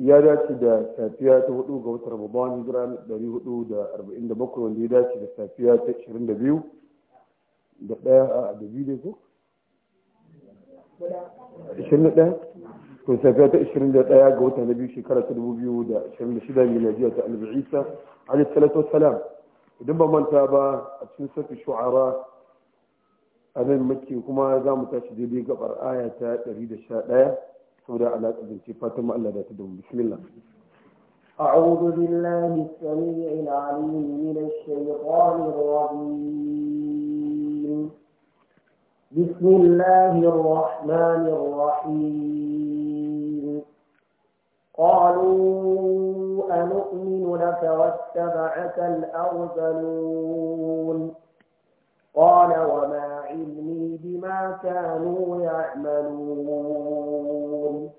ya dace da safiya ta hudu ga watan Ramadan hijira 447 wanda ya dace da safiya ta 22 da daya a da biyu ko 21 to safiya ta 21 ga watan na biyu shekara ta 2026 miladiya ta Annabi Isa salatu salam idan ba manta ba a cikin sarki shu'ara a nan muke kuma za mu tashi daidai gabar aya ta 111 سورة على da ce fatan تدوم بسم الله أعوذ بالله السميع العليم من الشيطان الرجيم بسم الله الرحمن الرحيم قالوا أنؤمن لك واتبعك الأرذلون قال وما علمي بما كانوا يعملون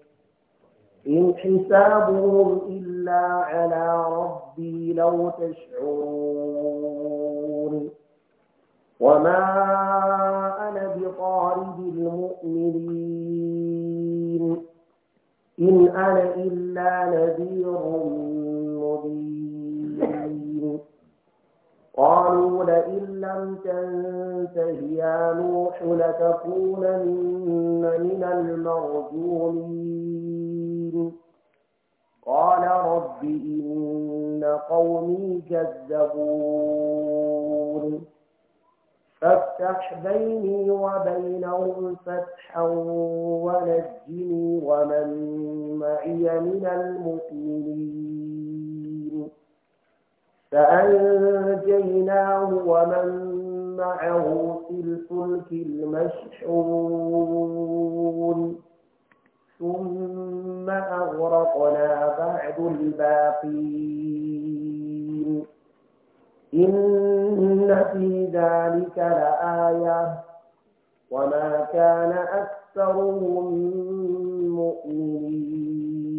إن حسابهم إلا على ربي لو تشعرون وما أنا بطارد المؤمنين إن أنا إلا نذير مبين قالوا لئن لم تنته يا نوح لتكونن من المرجومين قال رب إن قومي كذبون فافتح بيني وبينهم فتحا ونجني ومن معي من المؤمنين فأنجيناه ومن معه في الفلك المشحون ثم أغرقنا بعد الباقين إن في ذلك لآية وما كان أكثرهم مؤمنين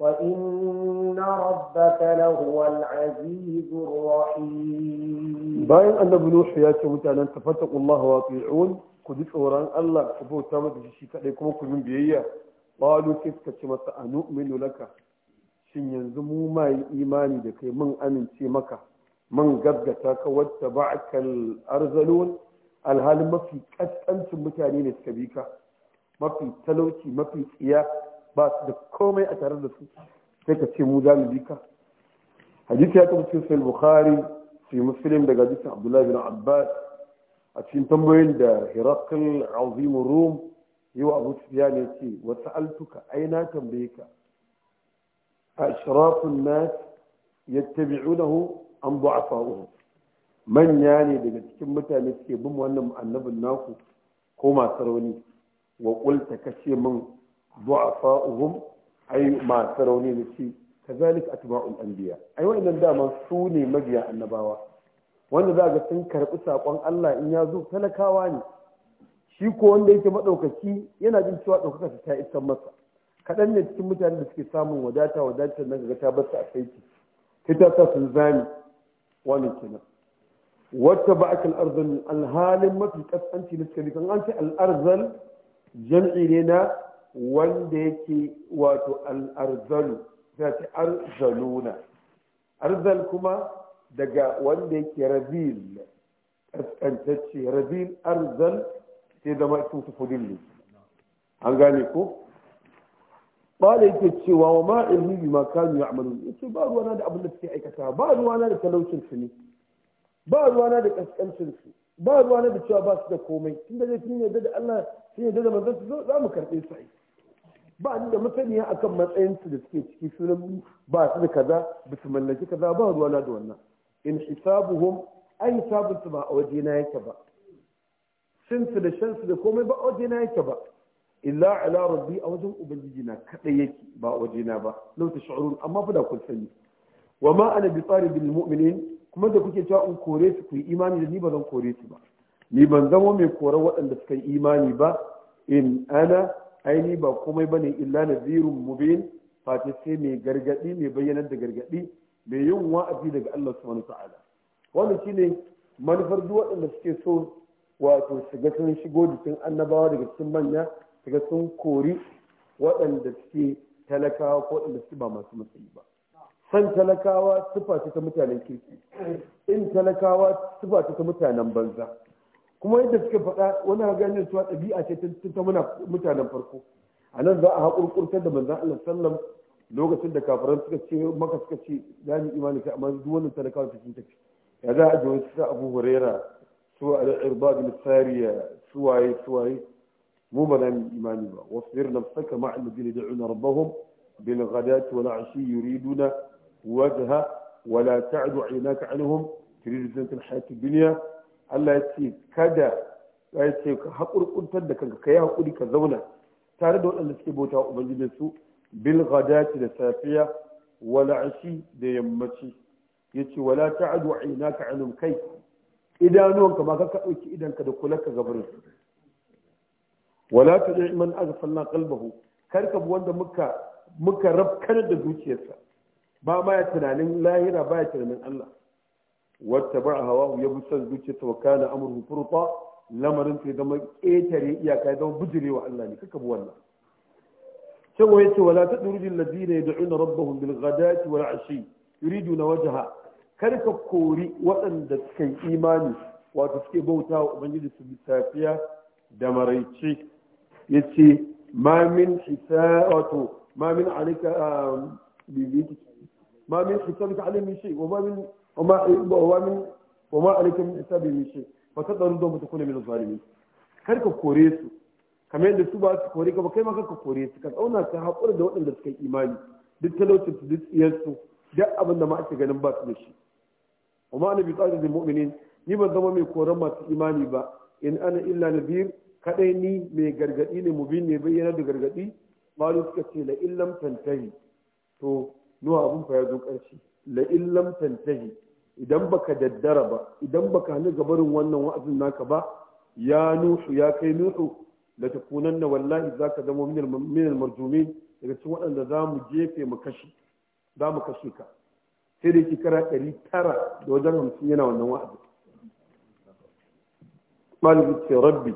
وإن ربك لهو العزيز الرحيم باين أن بنوح يا شمت أن تفتقوا الله واطيعون كدت أوران الله كبو تامد شيء كليكم كلهم بيئة قالوا كيف كتمت أنؤمن لك shin yanzu mu ma yi imani da kai mun amince maka mun gaggata ka wata ba'akal arzalun alhalin mafi kaskancin mutane ne suka bi ka mafi talauci mafi tsiya ba su da komai a tare da su sai ka ce mu za mu bi ka hadisi ya tabbata cikin sahih bukhari sai muslim daga hadisin abdullahi bin abbas a cikin tambayoyin da hirakal azim rum yau abu sufyan ya ce wa sa'altuka ai na tambaye ka ashrafun nas yattabi'unahu an du'afa'uhum manya ne daga cikin mutane suke bin wannan annabin naku ko masu rauni wa kulta kace min du'afa'uhum ai masu rauni ne ce kazalik atba'ul anbiya ai wa'annan dama su ne mabiya annabawa wanda za ga sun karɓi sakon Allah in ya zo talakawa ne shi ko wanda yake madaukaki yana jin cewa daukaka ta isan masa kaɗan ne cikin mutanen da suke samun wadata wadata na ga ta bar a saiti sai ta sa sun zami wannan kenan wata ba'akal arzal alhalin mafi kasanci na cikin an ce al'arzal jam'i ne na wanda yake wato al'arzalu za ta arzaluna arzal kuma daga wanda yake rabil ƙasƙantacce rabil arzal sai zama sun fudin ne an gane ko bala yake cewa wa ma'ilmi bi ma kanu Ya yace ba ruwana da abin da suke aikata ba ruwana da talaucin su ne ba ruwana da kaskancin su ba ruwana da cewa ba su da komai da zai tun yadda da Allah tun yadda da manzon su za mu karbe su aiki ba ni da masaniya akan matsayinsu da suke ciki sunan ba su da kaza ba su mallaki kaza ba ruwana da wannan in hisabuhum an hisabunsu ba a waje na yake ba sinsu da shansu da komai ba a waje na yake ba illa ala rabbi a wajen ubangiji na kadai yake ba a waje na ba lau ta shi'urun amma fa da kun sani wa ma ana bi tsari bil mu'minin kuma da kuke cewa in kore su ku yi imani da ni ba zan kore su ba ni ban zama mai korar waɗanda suka yi imani ba in ana aini ba komai bane illa nazirun mubin Fati sai mai gargadi mai bayyanar da gargadi mai yin wa'azi daga Allah subhanahu ta'ala wannan shine manufar duk waɗanda suke so wato shiga sun shigo jikin annabawa daga cikin manya daga sun kori waɗanda suke talakawa ko waɗanda suke ba masu matsayi ba san talakawa sifa ta mutanen kirki in talakawa sifa ta mutanen banza kuma yadda suka faɗa wani ganin cewa ɗabi'a ce ta muna mutanen farko a nan za a haƙurƙurtar da manzan Allah sallam lokacin da kafiran suka ce maka suka ce za mu imani ka amma duk wannan talakawa su tafi ya za a jiwon sa Abu Huraira su a Irba bin Sariya suwaye suwaye mu ba za mu imani ba wasbir nafsaka ma'a da yad'una rabbahum bil ghadati wal 'ashi yuriduna wajha ولا تعد عيناك عنهم تريد زينة الحياة الدنيا Allah ya ce kada ya ce ka haƙurƙuntar da kanka ka yi haƙuri ka zauna tare da waɗanda suke bauta Ubangiji su bil ghadati da safiya wala ashi da yammaci yace wala ta'adu aynaka anum kai idanuwanka ma ka ɗauki idanka da kula ka gabarin wala taji man aghfalna qalbahu kar ka bi wanda muka muka rafkar da zuciyarsa ba ma ya tunanin lahira ba ya tunanin Allah wata ba hawa ya bi son zuciyarsa wa kana amurhu furta lamarin sai zama ƙetare iyaka ya zama bijirewa Allah ne kaka bi wannan cewa yace wala tadrujul ladina yad'una rabbahum bil ghadati wal ashi yuriduna wajha kar ka kori waɗanda suka yi imani wato suke bauta wa ubangiji su safiya da maraice yace ma min ma min وما ومن وما عليكم من حسابهم من شيء وتقدروا دوم تكونوا من الظالمين كركب كوريسو kamar yadda su ba su kore ka ba kai ma ka kore su ka tsauna ka haƙura da waɗanda suka yi imani duk talaucin su duk tsiyarsu duk abin da ma ake ganin ba su da shi amma ana bi tsarin da mu'minin ni ba zama mai koran masu imani ba in ana illa biyu kadai ni mai gargadi ne mubin ne bayyana da gargadi malu suka ce la illam tantahi to nuwa abun fa ya zo ƙarshe idan baka daddara ba idan baka hannu gabarin wannan wa'azin naka ba ya nuhu ya kai nuhu la takunanna wallahi zaka zama min al marjumi daga cikin waɗanda za mu jefe mu kashe za mu kashe ka sai da shekara ɗari tara da wajen hamsin yana wannan wa'azi malibu ce rabbi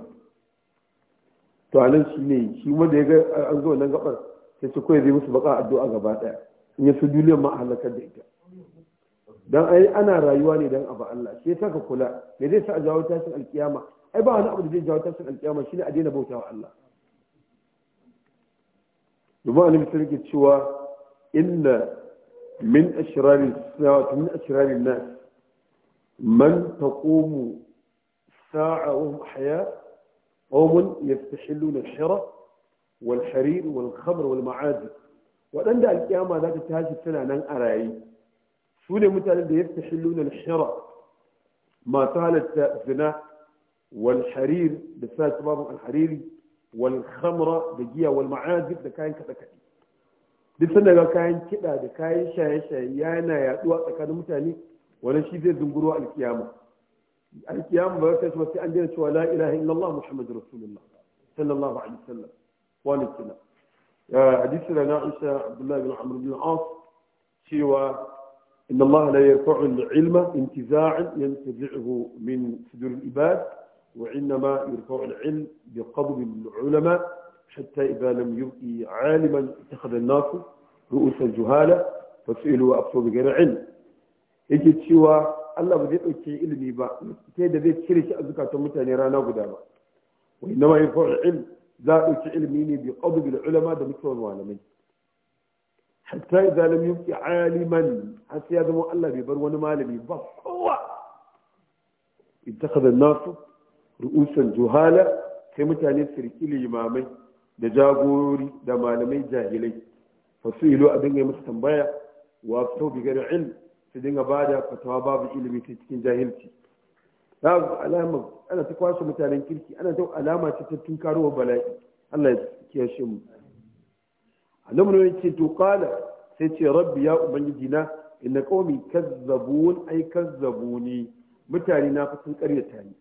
to anan shi ne shi wanda ya ga an zo nan gabar sai su ya zai musu baka addu'a gaba ɗaya in ya su duniyar ma a halakar da ita dan ai ana rayuwa ne dan abu Allah sai saka kula me zai sa jawo ta tashin alkiyama ai ba wani abu da zai jawo ta tashin alkiyama shine a daina bautawa Allah domin annabi sai yake cewa inna min ashrari sa'ati min ashrari nas man taqumu sa'a wa hum ahya qawmun yastahilluna al-hira wal-harir wal-khamr wal-ma'ad wadanda alkiyama za tashi tana nan a rayi su ne mutanen da yadda na shara masu halatta zina wal harir da sa tubabin alhariri wal khamra da giya wal ma'azif da kayan kaɗe kaɗe duk sanda ga kayan kida da kayan shaye-shaye yana yaɗuwa tsakanin mutane wani shi zai zunguro alkiyama alkiyama ba ta shi sai an daina cewa la ilaha illallah muhammadu rasulullah sallallahu alaihi wasallam wani kina hadisi da na aisha abdullahi bin amr bin as cewa إن الله لا يرفع العلم انتزاعا ينتزعه من صدور العباد وإنما يرفع العلم بقبض العلماء حتى إذا لم يبقي عالما اتخذ الناس رؤوس الجهالة فسئلوا أبصوا بغير علم يجد شوى الله بذيء شيء علمي با كيدا بيت شرش أزكى تمتاني رانا قداما وإنما يرفع العلم ذا علميني بقبض العلماء دمتون وعلمين hatta idza lam yubqi aliman har sai ya zama Allah bai bar wani malami ba kowa ittakhadha an-nas ru'usan juhala sai mutane su limamai da jagorori da malamai jahilai fasuilu a dinga musu tambaya wa sau bi gari ilm su dinga bada fatawa babu ilimi ta cikin jahilci alama ana ta kwashe mutanen kirki ana ta alama ce ta tunkarowar bala'i Allah ya kiyashe mu al-amru ce to kala sai ce rabbi ya ubangiji na inna qaumi kazzabun ay kazzabuni mutane na fa sun karyata ni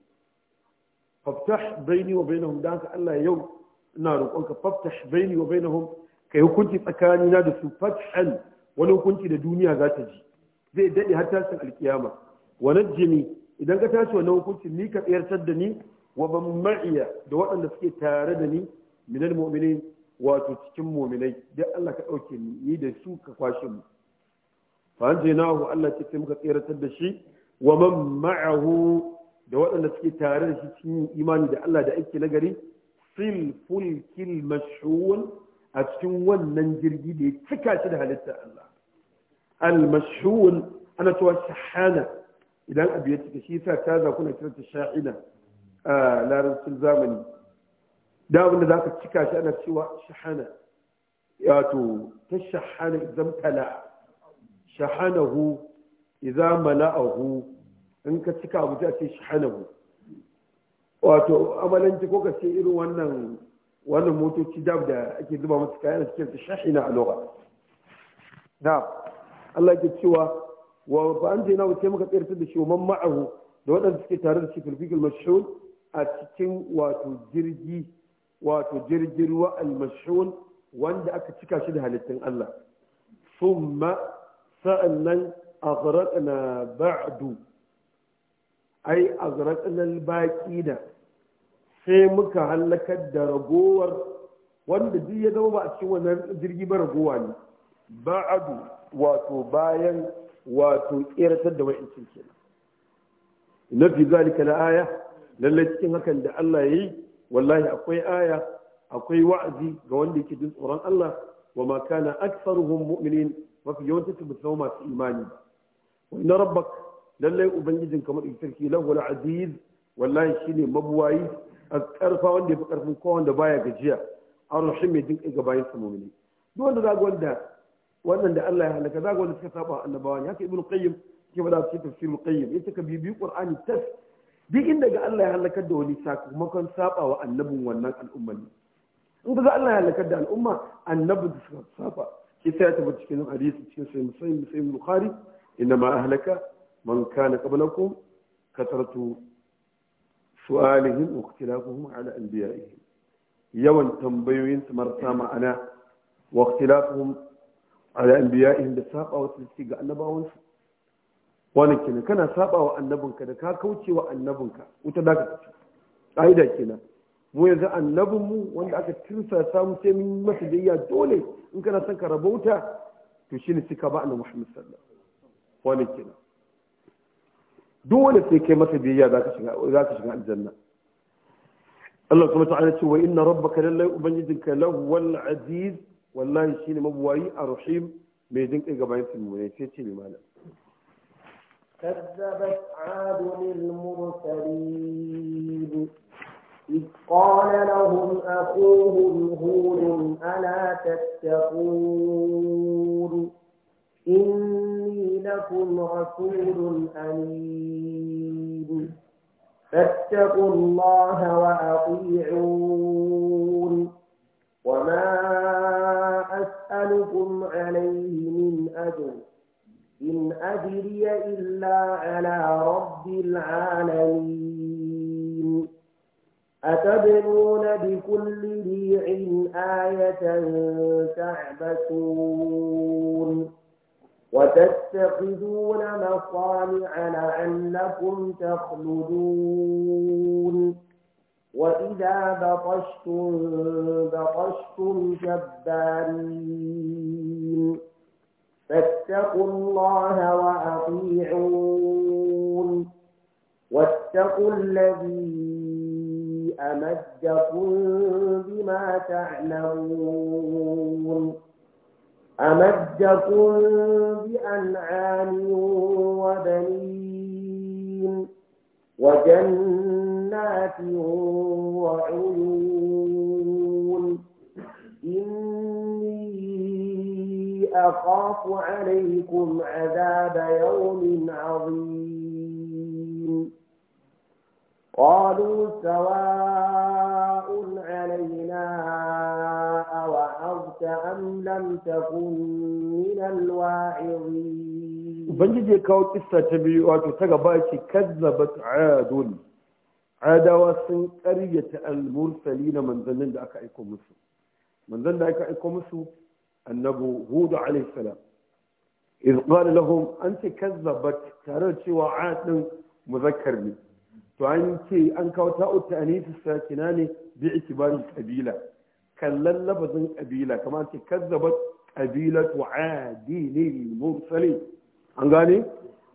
faftah baini wa bainahum da ka Allah yau ina ka faftah baini wa bainahum kai hukunci tsakani na da su fathan wani hukunci da duniya za ta ji zai dade har tashin alkiyama wa najjini idan ka tashi wannan hukuncin ni ka tsayar da ni wa ban ma'iya da waɗanda suke tare da ni minal mu'minin wato cikin muminai duk Allah ka ɗauke ni da su ka kwashe mu fa anjaynahu Allah ce muka tseratar da shi wa man ma'ahu da waɗanda suke tare da shi cikin imani da Allah da ake nagari fil fulkil mashhun a cikin wannan jirgi da ya cika shi da halittar Allah al mashhun ana cewa shahana idan abu ya cika shi yasa ta zakuna kiranta sha'ina a larabcin zamani da abinda za ka cika shi ana cewa shahana yato ta shahana idan tala shahanahu idan mala'ahu in ka cika abu ta ce shahanahu wato amalanci ko ka ce irin wannan wannan motoci dab da ake zuba masu kayan suke ta shahina a lura na Allah ke cewa wa ba an jina wuce muka tsirta da shi man ma'ahu da waɗanda suke tare da shi filfikil mashhur a cikin wato jirgi wato jirgin ruwa almashhun wanda aka cika shi da halittun Allah Summa sa'annan aghraqna ba'du ai aghraqna da. sai muka halakar da ragowar wanda duk ya zama ba a cikin wannan jirgi ba ragowa ne ba'adu wato bayan wato ƙeratar da wa'incin kenan na fi zalika na aya lallai cikin hakan da Allah ya yi wallahi akwai aya akwai wa'azi ga wanda yake jin tsoron Allah wa ma kana aktsaruhum mu'minin mafi yawancin su musamman masu imani wa inna rabbak lallai ubangijin kamar sarki lahu al-aziz wallahi shine mabuwayi karfa wanda yafi karfin kowa wanda baya gajiya arrahim mai jinkai ga sa mu'mini duk wanda zaga wanda wannan da Allah ya halaka zaga wanda suka saba annabawa ne haka ibnu qayyim ke faɗa cikin tafsirul qayyim yace ka bibi qur'ani tas duk inda ga Allah ya halakar da wani sakamakon saba wa annabin wannan al'umma ne in ga Allah ya halakar da al'umma annabin da suka saba kisa ya tabbata cikin hadisi cikin sai musayin musayin bukhari inna ma ahlaka man kana qablakum kasartu su'alihim wa ikhtilafuhum ala anbiya'ihim yawan tambayoyin su marasa ma'ana wa ikhtilafuhum ala anbiya'ihim da saba wasu ga annabawansu wani kenan kana saba wa annabinka da ka kauce wa annabinka wuta da ka tafi ƙa'ida kenan mu yanzu annabinmu wanda aka tirsa samu sai mun masa biyayya dole in kana son ka rabo rabauta to shine sai ka ba annabi Muhammad sallallahu alaihi wasallam wani kenan dole sai kai masa biyayya za ka shiga za shiga aljanna Allah kuma ta'ala ce wa inna rabbaka lallai ubangijinka lahwal aziz wallahi shine mabuwayi arhim mai jinkai gabayin mu'mini sai ce malam. كذبت عاد المرسلين إذ قال لهم أخوهم هود ألا تتقون إني لكم رسول أمين فاتقوا الله وأطيعون وما أسألكم عليه من أجر إن أدري إلا على رب العالمين أتبنون بكل ريع آية تعبثون وتتخذون مصانع لعلكم تخلدون وإذا بطشتم بطشتم جبارين فاتقوا الله وأطيعون واتقوا الذي أمدكم بما تعلمون أمدكم بأنعام وبنين وجنات وعيون أخاف عليكم عذاب يوم عظيم قالوا سواء علينا أوعظت أم لم تكن من الواعظين ubangiji kawo kissa ta biyu wato ta gaba ce kazzabat adun adawa sun karyata al-mursalin manzannin da aka aiko musu manzan da aka aiko musu annabu hudu alaihi salam iz qala lahum anti kazzabat tare da cewa adin muzakkar ne to an ce an kawo ta'u ta'anisi sakina ne bi itibari kabila kallan lafazin ƙabila kamar ce kazzabat kabilatu adini mursalin an gane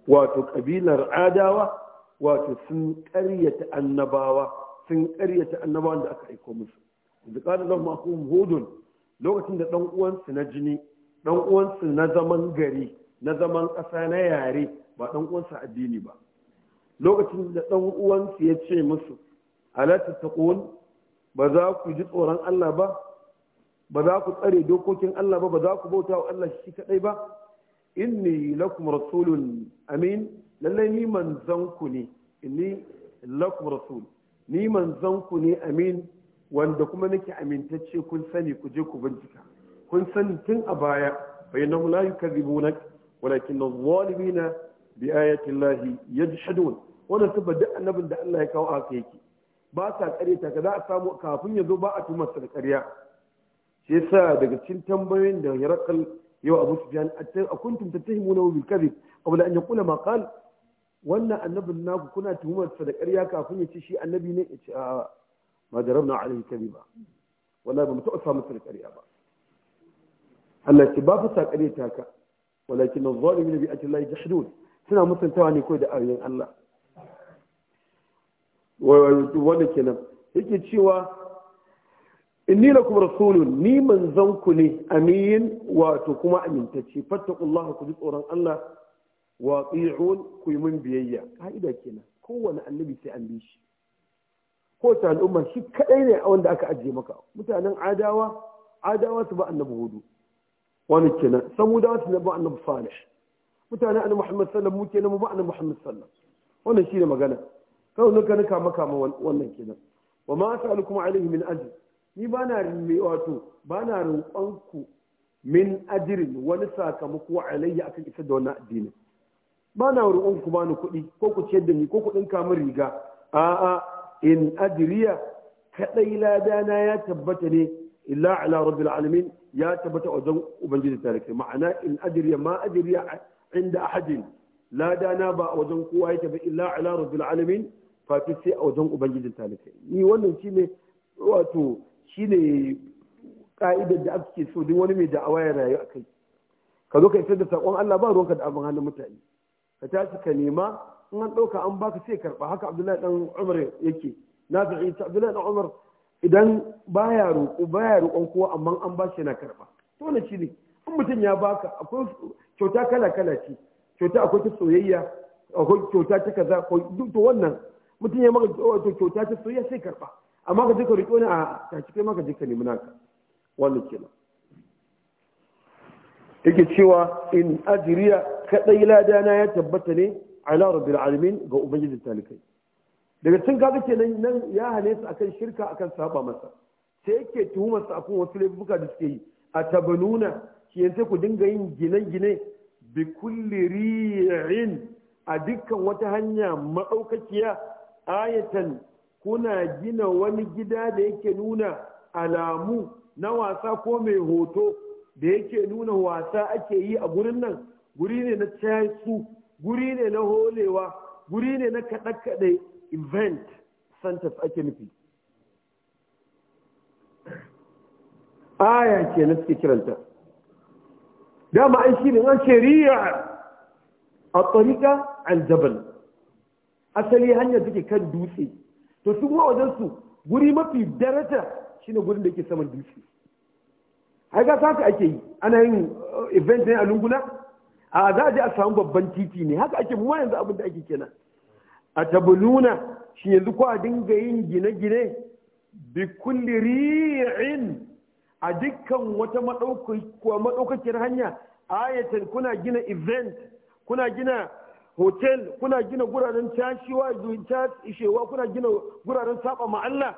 wato kabilar adawa wato sun karyata annabawa sun karyata annabawan da aka aiko musu da kana lahum akhum hudun lokacin da ɗan uwansu na jini ɗan uwansu na zaman gari na zaman ƙasa na yare ba ɗan uwansu addini ba lokacin da ɗan uwansu ya ce musu halatta ta ba za ku ji tsoron Allah ba ba za ku tsare dokokin Allah ba ba za ku bauta wa Allah shi kaɗai ba inni lakum rasulun amin lallai ni manzon ku ne inni lakum rasul ni manzon ku ne amin wanda kuma nake amintacce kun sani ku je ku bincika kun sani tun a baya bainahu la na walakin adh-dhalimina bi ya llahi yajhadun wannan tuba duk annabin da Allah ya kawo a kai yake ba sa ta, ka za a samu kafin ya zo ba a tumar sa ƙarya shi yasa daga cikin tambayoyin da Herakl yau Abu Sufyan a kuntum tattahimuna bil kadhib qabla an yaqula ma qala wannan annabin naku kuna tuhumar sa da karya kafin ya ce shi annabi ne ya ce a'a ma na alaihi kariba wallahi ba mu taɓa samu da ƙarya ba Allah ce ba fasa ƙarya ta ka walakin zalimin bi ajli Allah jahdun suna mutuntawa ne da ayoyin Allah wanda kenan yake cewa inni lakum rasulun ni manzon ku ne amin wato kuma amintacce fattaqullaha ku ji tsoron Allah wa ku yi mun biyayya ka'ida kenan kowane annabi sai an bi shi kowace al'umma shi kadai ne a wanda aka ajiye maka mutanen adawa adawa su ba annabi hudu wani kenan samudawa su ba annabi salih mutanen annabi muhammad sallam mu kenan mu ba annabi muhammad sallam wannan shine magana kawai nuka nuka maka wannan kenan wa ma as'alukum alayhi min ajr ni ba na wato ba na roƙon ku min ajrin wani sakamako alayhi akan isa da wannan addinin ba na roƙon ku ni kuɗi ko ku ciyar da ni ko ku ɗinka min riga a'a in ajriya kadai ladana ya tabbata ne illa ala rabbil alamin ya tabbata wajen ubangiji tarihi ma'ana in ajriya ma ajriya inda ahadin ladana ba a wajen kowa yake ba illa ala rabbil alamin fa sai a wajen ubangijin talikai ni wannan shine wato shine ka'idar da ake so duk wani mai da'awa ya rayu a kai ka zo ka isar da saƙon Allah ba ruwanka da abin hannun mutane ka tashi ka nema in an ɗauka an baka sai karɓa haka abdullahi dan umar yake na fi abdullahi dan umar idan baya roƙo baya roƙon kowa amma an ba shi yana karɓa to shi ne in mutum ya baka akwai kyauta kala kala ce kyauta akwai ta soyayya akwai kyauta ta kaza ko duk to wannan mutum ya maka to kyauta ta soyayya sai karɓa amma ka je ka roƙo ne a ka kai maka je ka nemi naka wannan kenan yake cewa in ajiriya kadai ladana ya tabbata ne ala rabbil alamin ga ubangijin talikai daga cikin kaga kenan nan ya hane su akan shirka akan saba masa sai yake tuhumar sa akan wasu laifuka da suke yi a tabanuna shi yanzu ku dinga yin gine-gine bi kulli ri'in a dukkan wata hanya maɗaukakiya ayatan kuna gina wani gida da yake nuna alamu na wasa ko mai hoto da yake nuna wasa ake yi a gurin nan guri ne na su guri ne na holewa guri ne na kaɗe-kaɗe event centers ake nufi aya ke na suke kiranta dama an shi ne an shari'a a tsarika aljabal asali hanyar take kan dutse to su kuma wajensu guri mafi daraja shine gurin da ke saman dutse ai ga ake yi ana yin uh, event ne a lunguna a za a je a samu babban titi ne haka ake mu yanzu abin da ake kenan a tabuluna shi yanzu ko a dinga yin gine-gine bi kulli ri'in a dukkan wata maɗaukakiyar hanya ayatan kuna gina event kuna gina hotel kuna gina guraren cashewa ishewa kuna gina guraren saba ma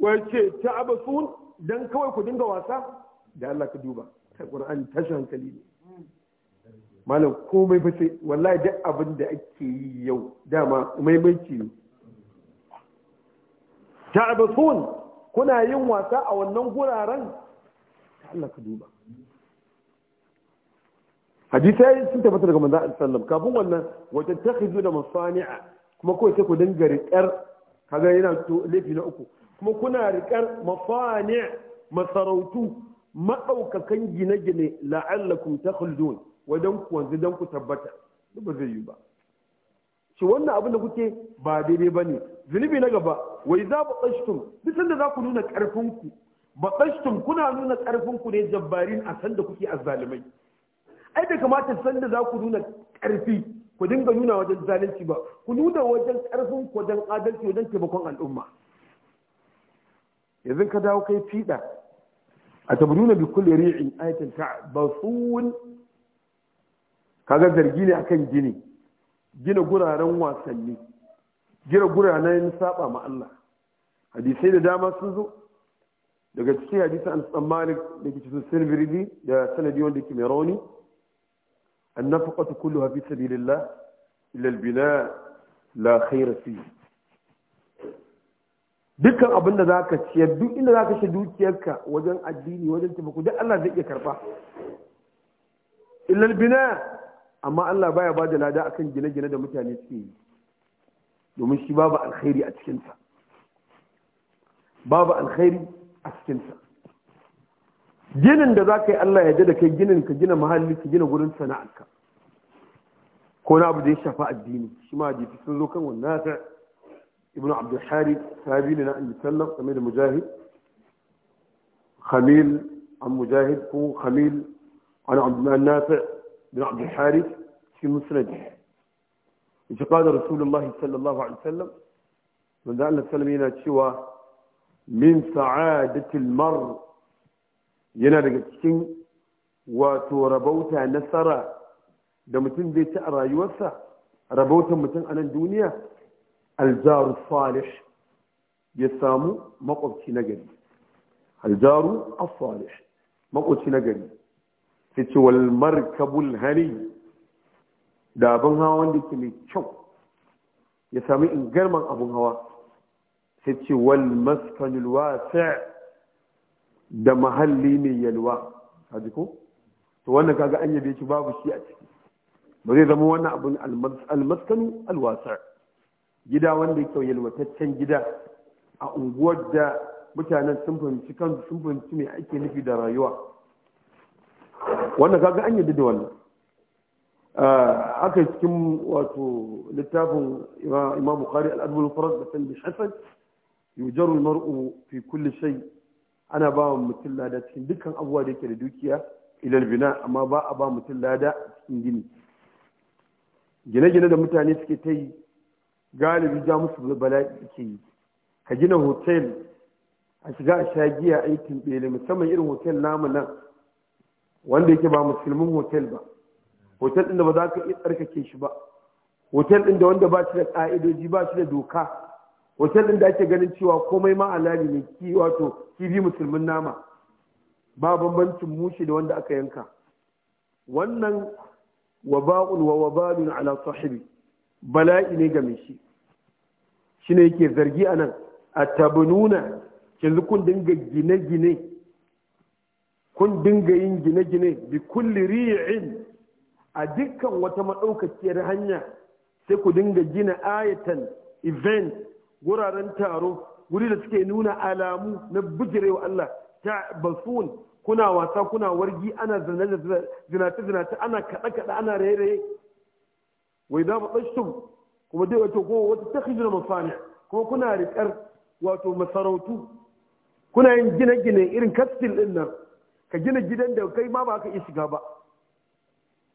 wace ta abasun don kawai ku dinga wasa da Allah ka duba ta ƙur'ani tashi hankali ne malam komai fa sai wallahi duk abin da ake yi yau dama maimaici ne ta'abasun kuna yin wasa a wannan guraren Allah ka duba hadisai sun tabbata daga manzon Allah sallallahu kafin wannan wajen takhizu da masani'a kuma kawai sai ku dinga riƙar kaga yana to lafi na uku kuma kuna riƙar masani' masarautu ma'aukakan gine-gine la'allakum takhuldun wajen ku wanzu dan ku tabbata duk ba zai yi ba shi wannan abin da kuke ba daidai ba ne zunubi na gaba wai za ba tsashtum duk sanda za ku nuna ƙarfinku ba tsashtum kuna nuna ƙarfinku ne jabbarin a sanda kuke a azzalimai ai da kamata sanda za ku nuna ƙarfi ku dinga nuna wajen zalunci ba ku nuna wajen ƙarfin ku wajen adalci wajen taimakon al'umma yanzu ka dawo kai fiɗa a tabnuna bi kulli ri'in ayatin ta'basun kaga zargi ne akan gini gina guraren wasanni gina guraren saba ma Allah hadisai da dama sun zo daga cikin hadisi an tsammanin da ke cikin sirviridi da sanadi wanda ke mai rauni an na kullu hafi sabilillah ilal la khaira fi dukkan abin da zaka ciyar duk inda zaka shi dukiyarka wajen addini wajen tafi duk Allah zai iya karba ilal amma Allah baya ba da lada akan gine-gine da mutane suke yi domin shi babu alkhairi a cikinsa babu alkhairi a cikinsa ginin da za ka yi Allah ya ji da kai ginin ka gina mahalli ka gina gurin sana'arka ko na abu da ya shafa addini shi ma jifi sun zo kan wannan ta ibn abdul harith sahabi ne na annabi sallallahu alaihi da mujahid khamil an mujahid ko khamil an abdul nafi' bin abdul harith cikin musnad yace qala rasulullahi sallallahu alaihi wasallam manzo Allah sallallahu yana cewa min sa'adatil mar yana daga cikin wato rabauta nasara da mutum zai ci a rayuwarsa rabautan mutum a nan duniya aljaru salih ya samu makwabci nagari sai ce wal markabul hari da abin hawa wanda ke mai kyau ya sami ingarman abin hawa sai ce wal maskanul da mahalli mai yalwa a jiko to wannan kaga an yabe shi babu shi a ciki ba zai zama wannan abin almaskanu alwasar. gida wanda ya kyau yalwataccen gida a unguwar da mutanen sun fahimci kansu sun fahimci mai ake nufi da rayuwa wannan kaga an yadda da wannan ah, aka yi cikin wato littafin imam bukhari al Faras, da sanbi hasan yujaru maru fi kulli shay ana ba wa mutum lada cikin dukkan abubuwa da yake da dukiya ilal bina amma ba a ba mutum lada cikin gini gine-gine da mutane suke ta yi galibi ja musu bala'i suke yi ka gina hotel a shiga a sha giya aikin ɓele musamman irin hotel namu nan wanda yake ba musulmin hotel ba hotel ɗin da ba za ka iya tsarkake shi ba hotel ɗin da wanda ba shi da ƙa'idoji ba shi da doka hotel ɗin da ake ganin cewa komai ma alali ne ki wato kifi musulmin nama ba bambancin mushi da wanda aka yanka wannan waba'un wa wabalun ala sahibi bala'i ne ga mai shi shine yake zargi anan a tabnuna yanzu kun dinga gine-gine kun dinga yin gine-gine bi kulli ri'in a dukkan wata maɗaukaciyar hanya sai ku dinga gina ayatan event wuraren taro wuri da suke nuna alamu na bujirewa Allah ta basun kuna wasa kuna wargi ana zinata zinata ana kaɗa kaɗa ana raye-raye wai za mu tsashtum kuma dai wato ko wata ta hijira mafani kuma kuna riƙar wato masarautu kuna yin gine-gine irin kastil ɗin nan ka gina gidan da kai ma ba ka iya shiga ba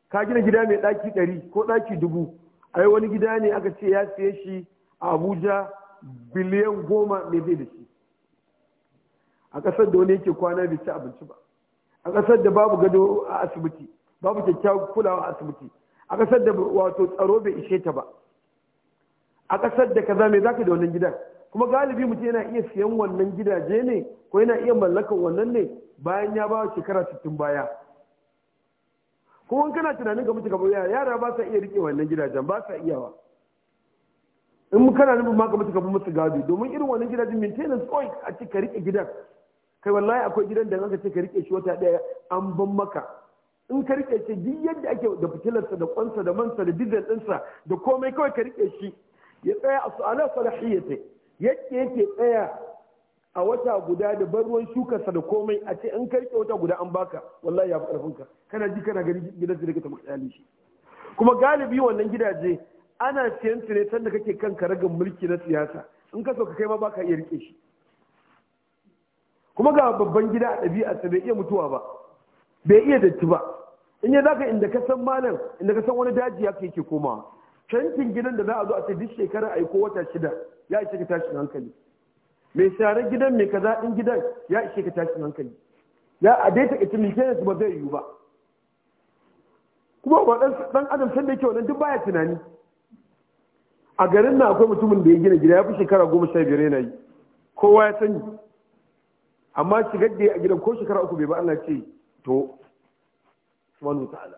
ka gina gida mai ɗaki ɗari ko ɗaki dubu a wani gida ne aka ce ya siye shi a abuja biliyan goma ne zai da shi a ƙasar da wani yake kwana bai ci abinci ba a ƙasar da babu gado a asibiti babu kyakkyawar kulawa a asibiti a ƙasar da wato tsaro bai ishe ta ba a ƙasar da kaza mai zaka da wannan gidan kuma galibi mutum yana iya siyan wannan gidaje ne ko yana iya mallakar wannan ne bayan ya ba shekara sittin baya Ko in kana tunanin ga mutu ka yara yara ba sa iya rike wannan gidajen ba sa iyawa in kana nufin ma ka mutu ka bar musu gado domin irin wannan gidajen maintenance oil a ce ka rike gidan kai wallahi akwai gidan da aka ce ka rike shi wata daya an ban maka in ka rike shi duk yadda ake da fitilarsa da kwansa da mansa da dizel ɗinsa da komai kawai ka rike shi ya tsaya a su'alar salahiyya yadda yake tsaya a wata guda da bar ruwan shukarsa da komai a ce in karke wata guda an baka wallahi ya fi ƙarfinka kana ji kana gani gidan da da ka ne shi kuma galibi wannan gidaje ana siyan ne sanda kake kan karagan mulki na siyasa in ka so ka kai ma baka iya rike shi kuma ga babban gida a ɗabi'a sa bai iya mutuwa ba bai iya datti ba in ya zaka inda ka san malam inda ka san wani daji ya ke komawa cancin gidan da za a zo a ce duk shekara a ko wata shida ya ishe ka tashin hankali mai share gidan mai kaza in gidan ya ishe ka tashin hankali ya a dai takaice mai su ba zai yiwu ba kuma ba ɗan adam sanda yake wannan duk baya tunani a garin na akwai mutumin da ya gina gida ya fi shekara goma sha biyar yana yi kowa ya sani amma shigar da a gidan ko shekara uku bai ba Allah ce to subhanahu ta'ala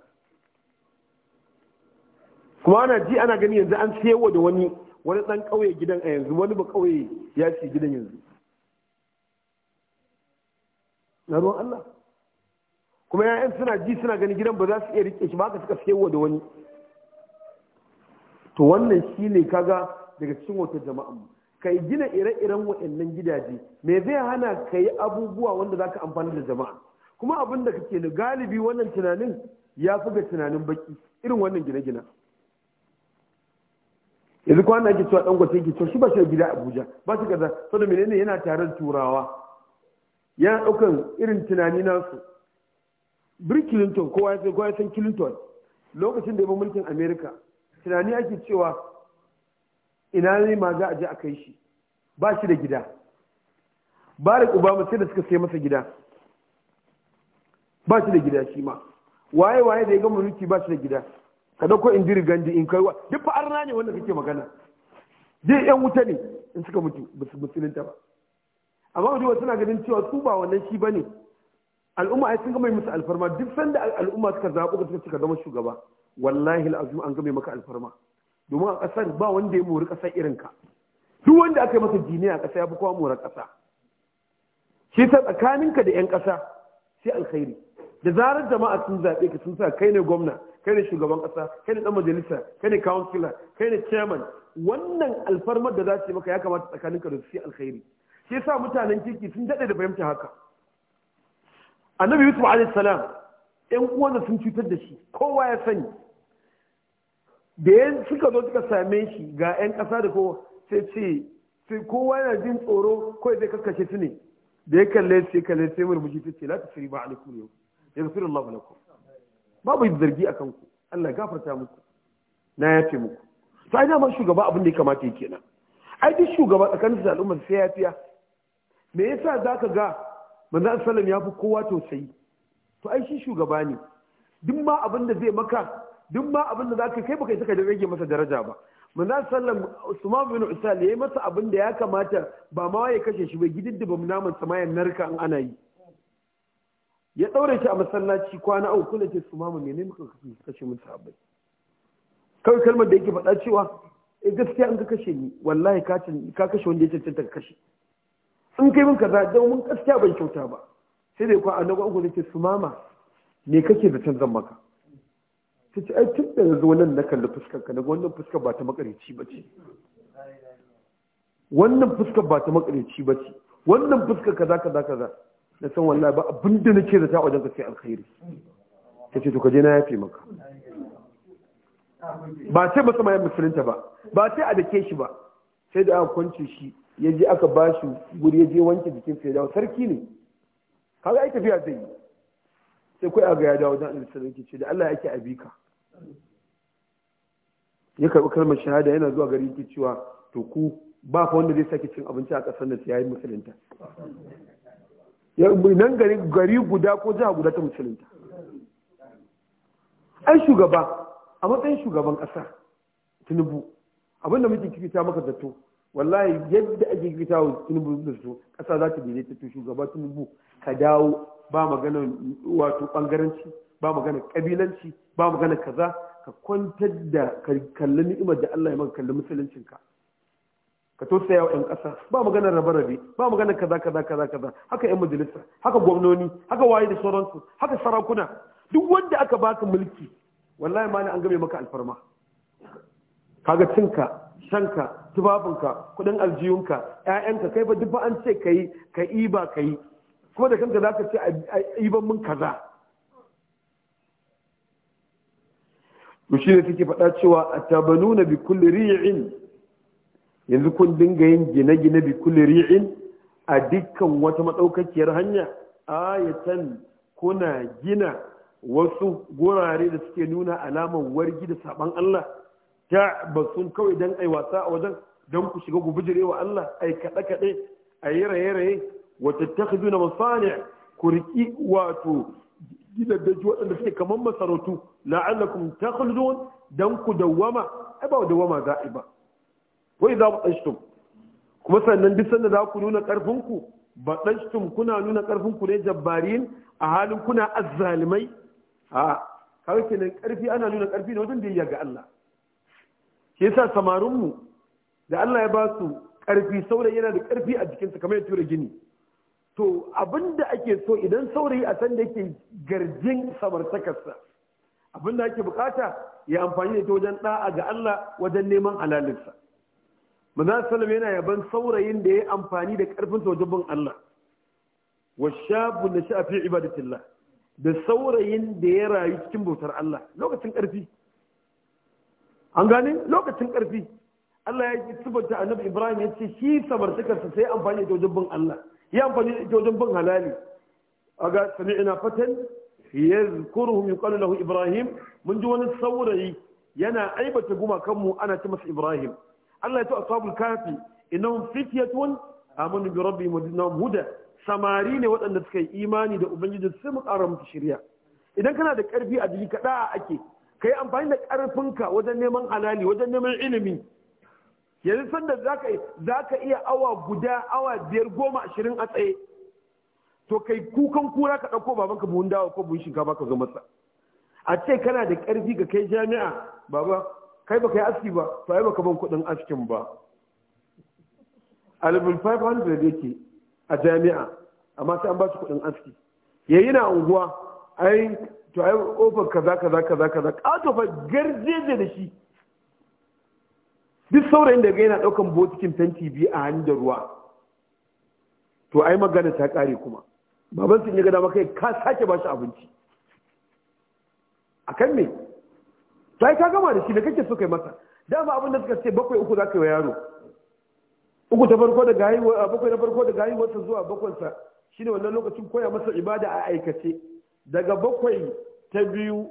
kuma ana ji ana gani yanzu an siyarwa da wani wani ɗan ƙauye gidan a yanzu wani ba ƙauye ya ce gidan yanzu na ruwan Allah kuma yayan suna ji suna gani gidan ba za su iya rike shi ba haka suka siyarwa da wani to wannan shi ne kaga daga cikin wata jama'a kai gina ire-iren waɗannan gidaje me zai hana ka yi abubuwa wanda za ka amfani da jama'a kuma abin da kake galibi wannan tunanin ya fi ga tunanin baki irin wannan gine-gine yanzu kwana ake cewa dan gwata yake cewa shi ba shi gida abuja ba shi kaza saboda menene yana taron turawa yana daukan irin tunani nasu bill clinton kowa ya sai kowa ya san clinton lokacin da ya mulkin america tunani ake cewa ina ne ma za a je a kai shi ba shi da gida barack obama sai da suka sai masa gida ba shi da gida shi ma waye waye da ya gama mulki ba shi da gida ka dauko indiri gandi in kai wa duk fa arna ne wanda kake magana duk yan wuta ne in suka mutu ba su musulunta ba amma wasu suna ganin cewa su ba wannan shi bane al'umma ai sun ga mai musu alfarma duk sanda al'umma suka zaɓo ka suka zama shugaba wallahi al'azim an mai maka alfarma domin a ƙasar ba wanda ya mori ƙasa irin ka duk wanda aka yi masa jiniya a ƙasa ya fi kowa mora ƙasa shi ta tsakaninka da 'yan ƙasa sai alkhairi da zarar jama'a sun zaɓe ka sun sa kai ne gwamna kai ne shugaban kasa kai ne dan majalisa kai ne councilor kai ne chairman wannan alfarmar da za su yi maka ya kamata tsakaninka da su alkhairi shi yasa mutanen kirki sun dade da fahimta haka annabi yusuf alaihi salam ɗan uwansa sun cutar da shi kowa ya sani da ya suka zo suka same shi ga 'yan ƙasa da kowa sai ce sai kowa yana jin tsoro kawai zai kakkashe su ne da ya kalle sai kalle sai murmushi ta ce la ta ba alaikum yau ya zafi Allah babu zargi a kanku Allah gafarta muku na yafe muku to ai dama shugaba abin da ya kamata ya kenan ai duk shugaba tsakanin da al'umma sai yafiya me yasa zaka ga manzo sallam ya fi kowa tausayi to ai shi shugaba ne duk ma abin da zai maka duk ma abin da zaka kai baka saka da rage masa daraja ba manzo sallam Usman bin ya yayi masa abin da ya kamata ba ma ya kashe shi ba gidin da bamu naman samayan narka an ana yi ya ɗaure shi a masallaci kwana uku na ce su mama menene muka kashe mun sahabbai kawai kalmar da yake faɗa cewa e gaskiya an ka kashe ni wallahi ka kashe wanda ya cancanta ka kashe in kai min kaza don mun gaskiya ban kyauta ba sai dai kwa annabi uku da ce su mama me kake da can zan maka ta ce ai tun da zo nan na kalli fuskar ka daga wannan fuskar ba ta makarici ba ce wannan fuskar ba ta makarici ba ce wannan fuskar kaza kaza kaza na san wallahi ba abin da nake zata wajen ka sai alkhairi ta ce to kaje na yafe maka ba ce masa mai musulunta ba ba sai a dake shi ba sai da aka kwance shi yaje aka ba shi guri yaje wanke jikin sai dawo sarki ne kaga ai tafiya zai yi sai kai ga ya dawo dan annabi sallallahu alaihi ce da Allah yake abika ya karbi kalmar shahada yana zuwa gari yake cewa to ku ba fa wanda zai sake cin abinci a kasar nan sai yayi musulunta nan gari guda ko jiha guda ta musulunta ai shugaba a matsayin shugaban ƙasa tinubu abinda muke kikita maka zato wallahi yadda ake kikita wa tinubu da su ƙasa za ta daidaita to shugaba tinubu ka dawo ba magana wato ɓangaranci, ba magana ƙabilanci, ba magana kaza ka kwantar da kalli ni'imar da Allah ya maka kalli musuluncinka ka tausaya wa 'yan ƙasa ba magana rabe-rabe ba magana kaza kaza kaza kaza haka 'yan majalisa haka gwamnoni haka waye da sauransu haka sarakuna duk wanda aka baka mulki wallahi ma an game maka alfarma kaga cinka shanka tufafinka kuɗin aljiyunka 'ya'yanka kai ba duk ba an ce kai ka ka yi. kuma da kanka zaka ce a iban mun kaza to shi faɗa cewa atabanuna bi kulli ri'in yanzu kun dinga yin gine-gine bi kulli ri'in a dukkan wata madaukakiyar hanya ayatan kuna gina wasu gurare da suke nuna alaman wargi da saban Allah ta sun kawai dan ai wasa a wajen dan ku shiga ku bijirewa Allah ai kaɗe kaɗe ai raye-raye wata takhzuna masani ku riki wato gidaddaji waɗanda suke kamar masarautu la'allakum takhludun dan ku dawwama ai ba dawwama za'i ba wai za mu kuma sannan duk sanda za ku nuna ƙarfinku ba ɗanshitum kuna nuna ƙarfinku ne jabbarin a halin kuna azzalimai a kawai nan ƙarfi ana nuna ƙarfi ne wajen ya ga Allah shi yasa samarinmu da Allah ya ba su ƙarfi saurayi yana da ƙarfi a jikinsa kamar ya tura gini to abinda da ake so idan saurayi a san da yake garjin samartakarsa abin da ake bukata ya amfani da ita wajen ɗa'a ga Allah wajen neman halalinsa manzo sallallahu yana yaban saurayin da ya amfani da karfin wajen bin Allah washabu na sha fi ibadatillah da saurayin da ya rayu cikin bautar Allah lokacin karfi an gane lokacin karfi Allah ya yi sifanta annabi Ibrahim ya ce shi samartakarsa sai amfani da wajen bin Allah ya amfani da wajen bin halali aga sami'na fatan yadhkuruhum yuqalu lahu Ibrahim mun ji wani saurayi yana aibata gumakan mu ana ce masa Ibrahim Allah ya ce ashabul kafi innahum fityatun amanu bi rabbihim wa huda samari ne waɗanda suka yi imani da ubangiji sai mu ƙara musu shirya idan kana da ƙarfi a jiki kaɗa ake ka yi amfani da ka wajen neman halali wajen neman ilimi yanzu sanda za ka iya awa guda awa biyar goma ashirin a tsaye to kai kukan kura ka ɗauko babanka buhun dawa ko buhun shinkafa ka zo masa a ce kana da ƙarfi ka kai jami'a baba kai baka yi aski ba to ai baka ban kuɗin askin ba alibin 500 yake a jami'a amma sai an ba shi kuɗin aski yayi na unguwa ai to ai ofar kaza kaza kaza kaza kato fa garjeje da shi duk saurayin da ga yana daukan botikin fenti biyu a hannu da ruwa to ai magana ta kare kuma baban sun yi gada maka ka sake ba shi abinci akan me to ai ka gama da shi da kake so kai masa dama abin da suka ce bakwai uku za ka yi wa yaro uku ta farko da gayi bakwai na farko daga haihuwarsa zuwa bakwansa shine wannan lokacin koya masa ibada a aikace daga bakwai ta biyu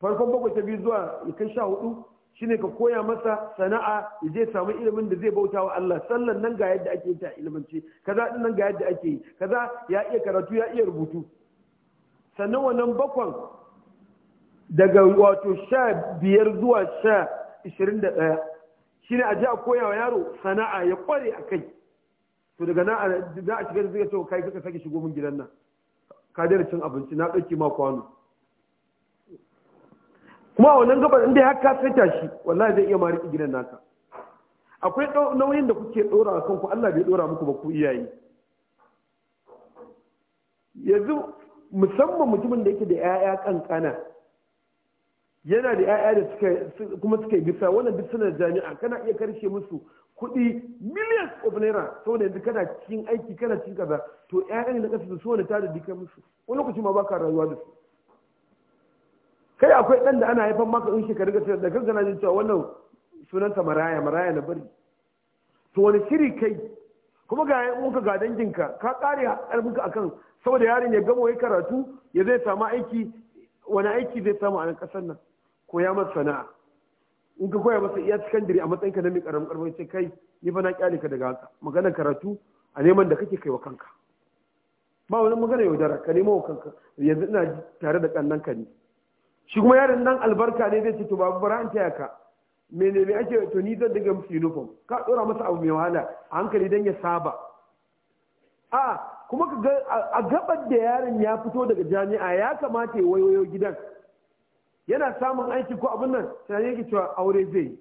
farkon bakwai ta biyu zuwa ikan kai sha hudu shine ka koya masa sana'a ya je samu ilimin da zai bauta wa Allah sallan nan ga yadda ake ta ilimance kaza din nan ga yadda ake yi kaza ya iya karatu ya iya rubutu sannan wannan bakwan daga wato sha biyar zuwa sha ishirin da ɗaya shi ne a ji a koya wa yaro sana'a ya kware a kai to daga na a shiga da zai cewa kai kaka sake shigo min gidan nan ka daina cin abinci na ɗauki ma kwano kuma a wannan gabar inda ya ka saita shi wallahi zai iya ma riƙe gidan naka akwai nauyin da kuke ɗora a kanku Allah bai ɗora muku ba ku iyaye yanzu musamman mutumin da yake da 'ya'ya kankana yana da 'ya'ya da suka kuma suka yi bisa wannan duk suna jami'a kana iya karshe musu kuɗi millions of naira saboda yanzu kana cikin aiki kana cikin kaza to 'ya'ya ne na ƙasa su wani tada dika musu wani lokaci ma baka rayuwa da su kai akwai ɗan da ana haifan maka in shekaru gasa da kanka na jin cewa wannan sunanta maraya maraya na bari to wani shiri kai kuma ga 'yan muka ga danginka ka ƙare ƙarfinka akan saboda yarin ya gamo ya karatu ya zai samu aiki wani aiki zai samu a ƙasar nan koya masa sana'a in ka koya masa iya sakandare a matsayinka na mai karamin karfi sai kai ni fa na kyale ka daga haka maganar karatu a neman da kake kai wa kanka ba wani magana yaudara ka nemo wa kanka yanzu ina tare da kannan ka ne shi kuma yaron nan albarka ne zai ce to babu bara an taya ka me ake to ni zan daga musu uniform ka dora masa abu mai wahala a hankali dan ya saba a kuma ka ga, a gabar da yaron ya fito daga jami'a ya kamata ya wayoyo gidan yana samun aiki ko abin nan sai yake cewa aure zai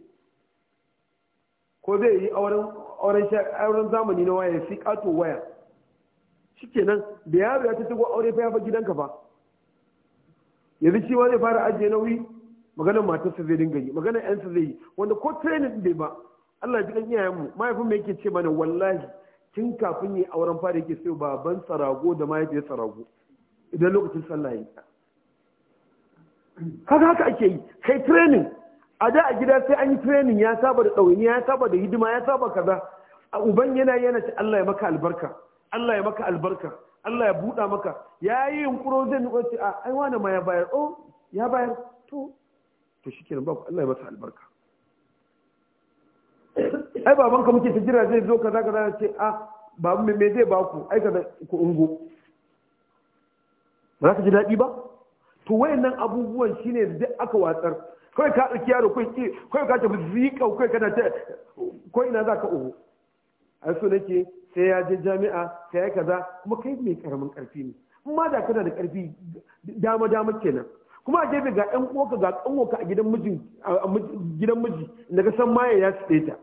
ko zai yi auren zamani na waya fi kato waya shi nan da ya yaro ta tago aure fa ya fa gidanka fa yanzu shi zai fara ajiye nauyi maganar matarsa zai dinga yi maganar yansa zai yi wanda ko training bai ba Allah ji kan iyayen mu mahaifin mu yake ce mana wallahi tun kafin yi auren fara yake sai baban sarago da mahaifiyar sarago idan lokacin sallah ya yi kaga haka ake yi kai training a da a gida sai an yi training ya saba da ɗawainiya ya saba da hidima ya saba kaza a uban yana yana ce Allah ya maka albarka Allah ya maka albarka Allah ya buɗa maka ya yi yunkuro zai nuka ce a ah, ai wani ma ya bayar oh ya bayar to to shikenan ba ku Allah ya masa albarka ai baban ka muke ta jira zai zo kaza kaza ya ce a ah, babu me zai ba ku ai kaza ku ungo ba za ka ji daɗi ba to wai nan abubuwan shine da aka watsar kawai ka tsaki yaro kai ki kawai ka tafi zika kai kana ta ko ina ka uhu ai so nake sai ya je jami'a sai ya kaza kuma kai mai karamin karfi ne amma da kana da karfi dama dama kenan kuma a gefe ga ɗan uwanka ga ƙanwarka a gidan miji gidan miji san maye ya tsaye ta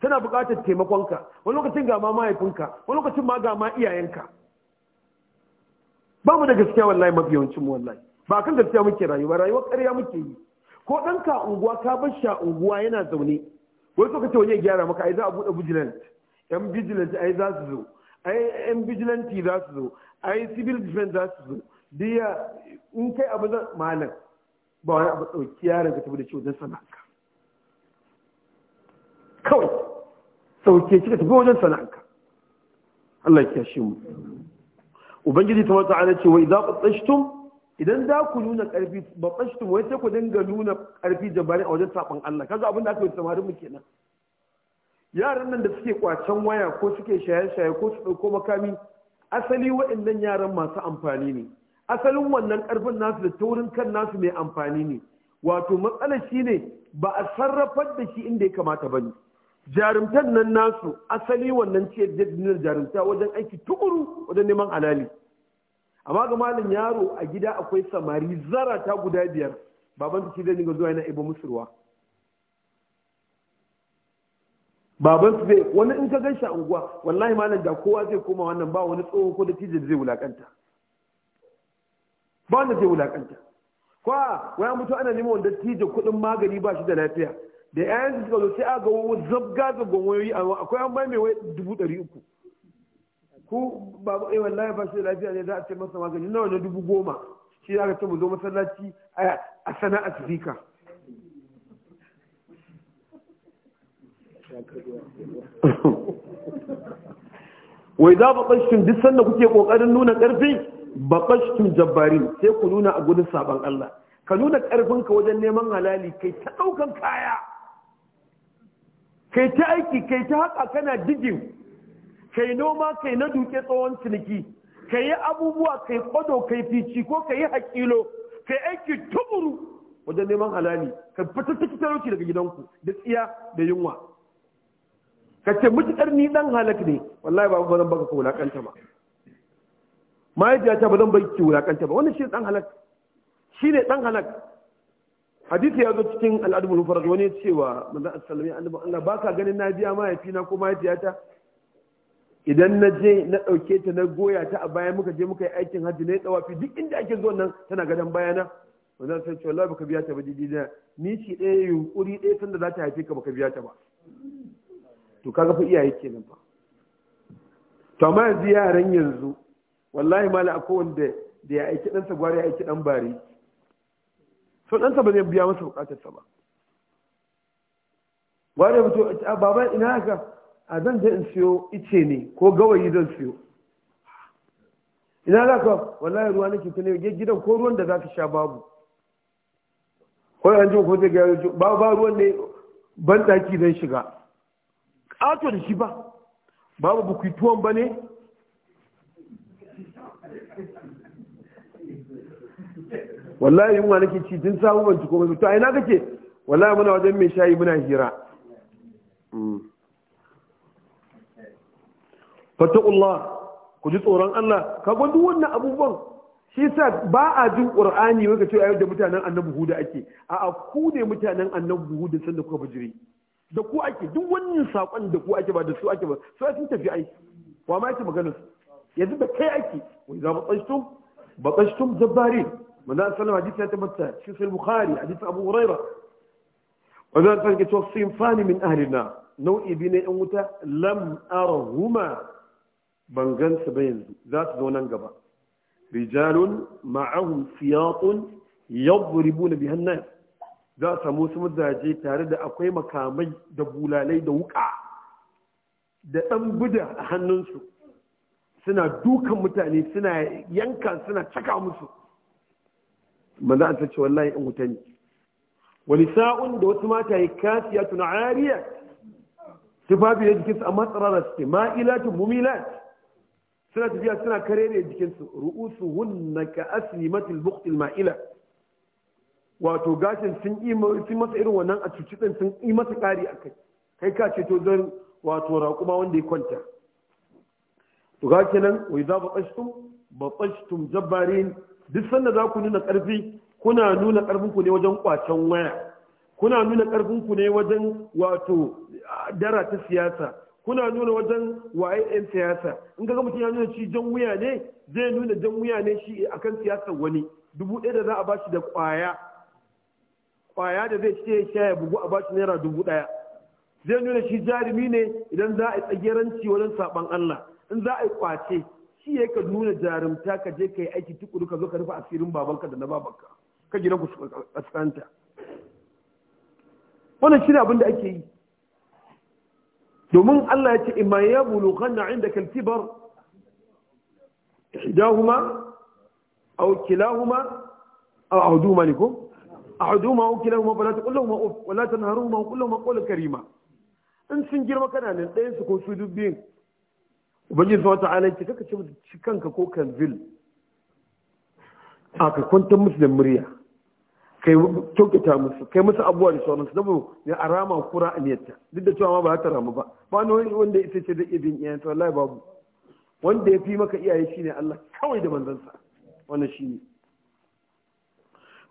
tana buƙatar taimakonka wani lokacin ga ma mahaifinka wani lokacin ma ga ma iyayenka ba mu da gaskiya wallahi mafi yawancin mu wallahi ba kan gaskiya muke rayuwa rayuwa ƙarya muke yi ko ɗan ka unguwa ka bar shi unguwa yana zaune wai so kace wani ya gyara maka ai za a buɗe vigilant yan vigilant ai za su zo ai yan vigilant za su zo ai civil defense za su zo diya in kai abu zan malam ba wani abu ɗauki yaron ka tafi da shi wajen sana'arka kawai sauke shi ka tafi wajen sana'arka Allah ya kiyashe mu ubangiji ta wata ana wai za ku tsashtum idan za ku nuna ƙarfi ba tsashtum wai sai ku dinga nuna ƙarfi jabari a wajen saɓon Allah kaga abin da aka yi samarin mu kenan yaran nan da suke kwacen waya ko suke shaye-shaye ko su ɗauko makami asali waannan yaran masu amfani ne asalin wannan ƙarfin nasu da taurin kan nasu mai amfani ne wato matsalar shine ba a sarrafar da shi inda ya kamata ba ne jarumtar nan nasu asali wannan ce jaddinar jarumta wajen aiki tukuru wajen neman alali amma ga malin yaro a gida akwai samari zarata guda biyar baban su zai dinga zuwa yana ibo musurwa baban su zai wani in ka ganshi a unguwa wallahi malam da kowa zai koma wannan ba wani tsohon ko da tijin zai wulakanta ba wanda zai wulakanta kwa waya mutu ana neman wanda tijin kuɗin magani ba shi da lafiya da yayan da suka zo sai aka ga zabga zabgan wayoyi a akwai an bai mai wai dubu ɗari uku ko babu eh wallahi ba shi lafiya ne za a ce masa magani nawa na dubu goma shi za ce mu zo masallaci a sana'a sifika wai za ba ƙashin duk sanda kuke ƙoƙarin nuna ƙarfi ba ƙashin jabbarin sai ku nuna a gudun saban Allah ka nuna ƙarfinka wajen neman halali kai ta ɗaukan kaya kai ta aiki kai ta haka kana digin kai noma kai na duke tsawon ciniki kai yi abubuwa kai kwado kai fici ko kai yi hakilo kai aiki tuburu wajen neman halali ka fitar ta talauci daga gidanku da tsiya da yunwa ka ce mutukar ni dan halak ne wallahi ba zan baka ka wulakanta ba ta ba zan baki wulakanta ba wannan shi dan halak shine ne dan halak hadisi ya zo cikin al'adun mun wani cewa manzon assalamu alaihi Allah ka ganin na biya mahaifi na ko mahaifiyata idan na je na dauke ta na goya ta a baya muka je muka yi aikin hajji na tsawafi duk inda ake zo nan tana gadon bayana manzon sai cewa baka biya ta ba didina ni shi ɗaya yunkuri ɗaya sanda za ta haife ka baka biya ta ba to kaga fa iyaye kenan fa to amma yanzu yaran yanzu wallahi mala akwai wanda da ya aiki ɗansa gwari ya aiki ɗan bari so ɗansa ba zai biya masa bukatarsa ba wani mutu a baba ina haka a zan je in siyo ice ne ko gawayi zan siyo ina za ka wallahi ruwa nake ta ne gidan ko ruwan da za ka sha babu ko an ko zai gaya ba ba ruwan ne ban daki zan shiga ƙato da shi ba babu bukutuwan ba ne wallahi yunwa nake ci tun sabu ban ci mai to a ina kake wallahi muna wajen mai shayi muna hira mm. fattakullah ku ji tsoron Allah ka duk wannan abubuwan shi sa ba a jin qur'ani wai ka ce ayyuka mutanen annabi huda ake a a ku ne mutanen annabi huda sanda kuka bijiri da ku ake duk wannan sakon da ku ake ba da su ake ba su sun tafi ai wa ma yake magana yanzu da kai ake wai za ba tsashtum ba tsashtum jabbari manzo Allah hadisi ya tabbata cikin sahih bukhari hadisi abu huraira manzo Allah ke cewa sinfani min na nau'i bi ne yan wuta lam arahuma ban gansu ba yanzu za su zo nan gaba rijalun ma'ahum Siyasun yadribuna biha an-nas za su samu su mazaje tare da akwai makamai da bulalai da wuka da ɗan buda a hannunsu suna duka mutane suna yanka suna caka musu manzo an tace wallahi in wuta ne wani sa'un da wasu mata yi kasiya tuna ariya fafi ne jikinsu amma tsarara suke tun mumilat suna tafiya suna kare ne jikinsu ru'usu hunna ka aslimatil buktil ma'ila wato gashin sun yi masa irin wannan a cuci sun yi masa kari a kai ka ce to zan wato raƙuma wanda ya kwanta to ga kenan wai za ba tsashtum ba tsashtum jabbarin duk sanda za ku nuna ƙarfi kuna nuna ƙarfin ku ne wajen kwacen waya kuna nuna ƙarfin ku ne wajen wato dara ta siyasa kuna nuna wajen waye 'yan siyasa in ga mutum ya nuna shi jan wuya ne zai nuna jan wuya ne shi akan siyasar wani dubu ɗaya da za a bashi da ƙwaya ƙwaya da zai ce sha ya bugu a bashi naira dubu ɗaya zai nuna shi jarumi ne idan za a yi tsageranci wajen saɓan Allah in za a yi ƙwace shi ya ka nuna jarumta ka je ka yi aiki tukuru ka zo ka rufe asirin babanka da na babanka ka gina ku kaskanta wannan shi ne abin da ake yi domin Allah ya ce imma ya bulughanna inda kaltibar ihdahuma aw kilahuma aw ahduma ne ko ahduma aw kilahuma fala taqul lahum wala tanharuhuma wa qul lahum qawlan karima in sun girma kana nan ɗayan su ko su dubbin ubangiji sa wata ala ce kaka ci kanka ko kanzil a ka kwantar musu da murya kai kyautata musu kai musu abuwa da sauransu saboda ya arama kura a niyarta duk da cewa ma ba ta ramu ba ba wani wanda ita ce da iya bin iyayen sa wallahi babu wanda ya fi maka iyaye shine Allah kawai da manzansa wannan shine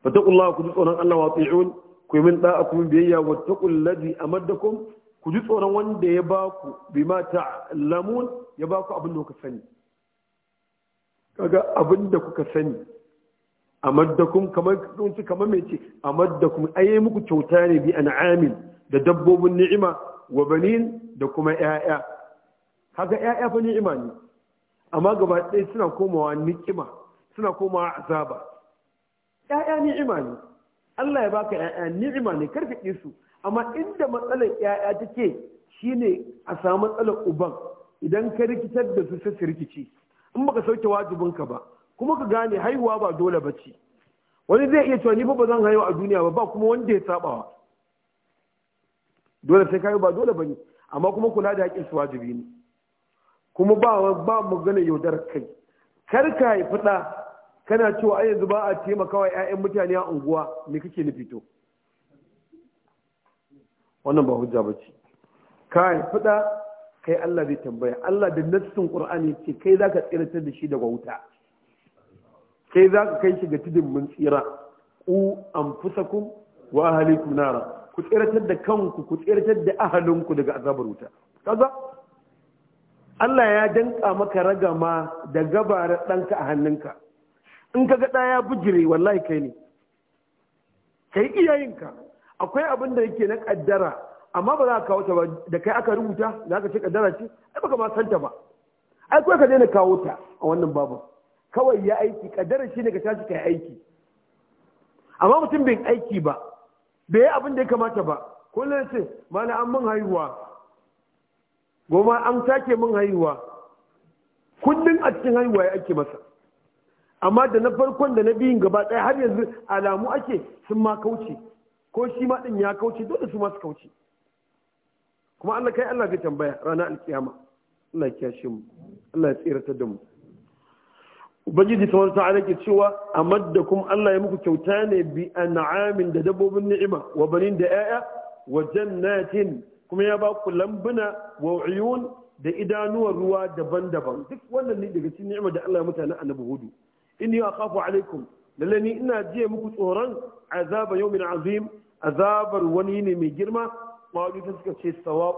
fataqullaha ku ji tsoron Allah wa ti'un ku yi min da'a ku min biyayya wa taqul ladhi amaddakum ku ji tsoron wanda ya ba ku bima ta'lamun ya ba ku abin da kuka sani kaga abin da kuka sani a maddakum kamar kunci kamar mai ce a maddakum ayi muku kyauta ne bi an an'amin da dabbobin ni'ima wa banin da kuma ya'ya kaga ya'ya fa ni'ima ne amma gaba ɗaya suna komawa ni'ima suna komawa azaba ya'ya ni'ima ne Allah ya baka ya'ya ni'ima ne karka ƙi su amma inda matsalar ya'ya take shine a samu matsalar uban idan ka rikitar da su sai su rikici in baka sauke wajibin ka ba kuma ka gane haihuwa ba dole ba ce wani zai iya cewa ni ba zan haihu a duniya ba ba kuma wanda ya sabawa dole sai kai ba dole ba ne. amma kuma kula da haƙƙin su wajibi ne kuma ba ba magana yaudar kai kar ka haifi ɗa kana cewa ai yanzu ba a taimakawa 'ya'yan mutane a unguwa me kake nufi to wannan ba hujja ba ce ka haifi ɗa kai Allah zai tambaya Allah da nassin Qur'ani ce kai zaka tsiratar da shi daga wuta kai zaka kai shi ga tudun mun tsira ku anfusakum wa ahlikum nara ku tsiratar da kanku ku tsiratar da ahalinku daga azabar wuta kaza Allah ya danka maka ragama da gabara ɗanka a hannunka in ka ga ɗaya bujire wallahi kai ne kai iyayenka akwai abin da yake na kaddara. amma ba za ka kawo ta ba da kai aka rubuta za ka ce kaddara ce ai baka ma santa ba ai kawai ka daina kawo ta a wannan babu kawai ya aiki kaddara shi ne ka tashi kai aiki amma mutum bai aiki ba bai yi abin da ya kamata ba kullum sai mana an mun haihuwa goma an sake mun haihuwa kullum a cikin haihuwa ya ake masa amma da na farkon da na biyun gaba ɗaya har yanzu alamu ake sun ma kauce ko shi ma ɗin ya kauce dole su ma su kauce kuma Allah kai Allah zai tambaya ranar alkiyama Allah ya kiyashe mu Allah ya tsirata da mu ubangiji ta wani ta'ala ke cewa a maddakum Allah ya muku kyauta ne bi an'amin da dabbobin ni'ima wa banin da 'ya'ya wa jannatin kuma ya ba ku lambuna wa uyun da idanuwar ruwa daban-daban duk wannan ne daga cikin ni'ima da Allah ya mutane annabi hudu inni akhafu alaikum lalle ina jiya muku tsoron azaba yawmin azim azabar wani ne mai girma mawajin suka ce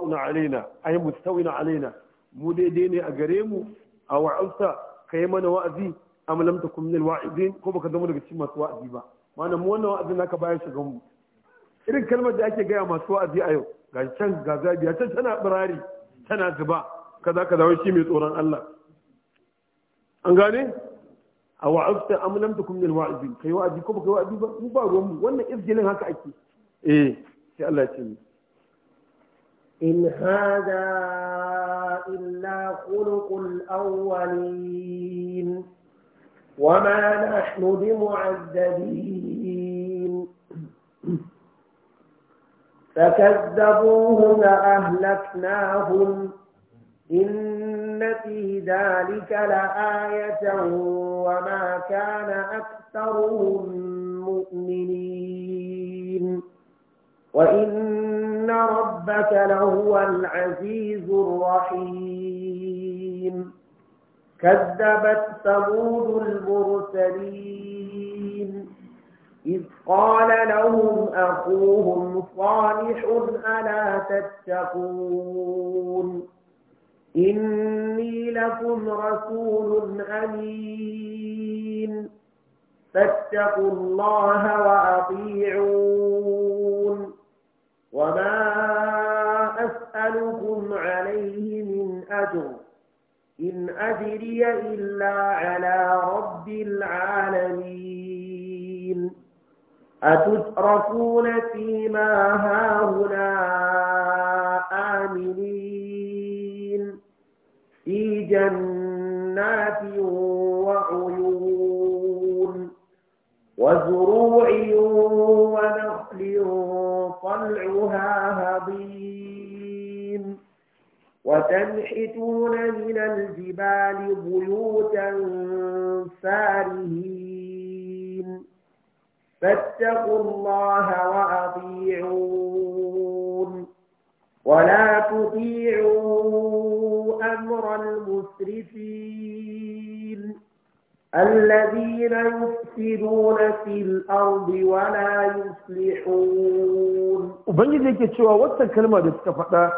na alaina ai na alaina mu daidai ne a gare mu a wa'auta kai mana wa'azi am lam takum min alwa'izin ko baka zama daga cikin masu wa'azi ba mana mu wannan wa'azin naka bayan shigan mu irin kalmar da ake gaya masu wa'azi a yau ga can ga zabiya can tana birari tana zuba kaza kaza wai shi mai tsoron Allah an gane a wa'azta am lam takum min alwa'izin kai wa'azi ko baka wa'azi ba mu ba ruwan mu wannan izgilin haka ake eh sai Allah ya ce إن هذا إلا خلق الأولين وما نحن بمعذبين فكذبوه فأهلكناهم إن في ذلك لآية وما كان أكثرهم مؤمنين وإن إن ربك لهو العزيز الرحيم كذبت ثمود المرسلين إذ قال لهم أخوهم صالح ألا تتقون إني لكم رسول أمين فاتقوا الله وأطيعون وما أسألكم عليه من أجر إن أجري إلا على رب العالمين أتتركون فيما هاهنا آمنين في جنات وعيون وزروع وتنحتون من الجبال بيوتا فارهين فاتقوا الله وأطيعون ولا تطيعوا أمر المسرفين الذين يفسدون في الأرض ولا يصلحون وبنجد يكي تشوى واتكلمة بسكفة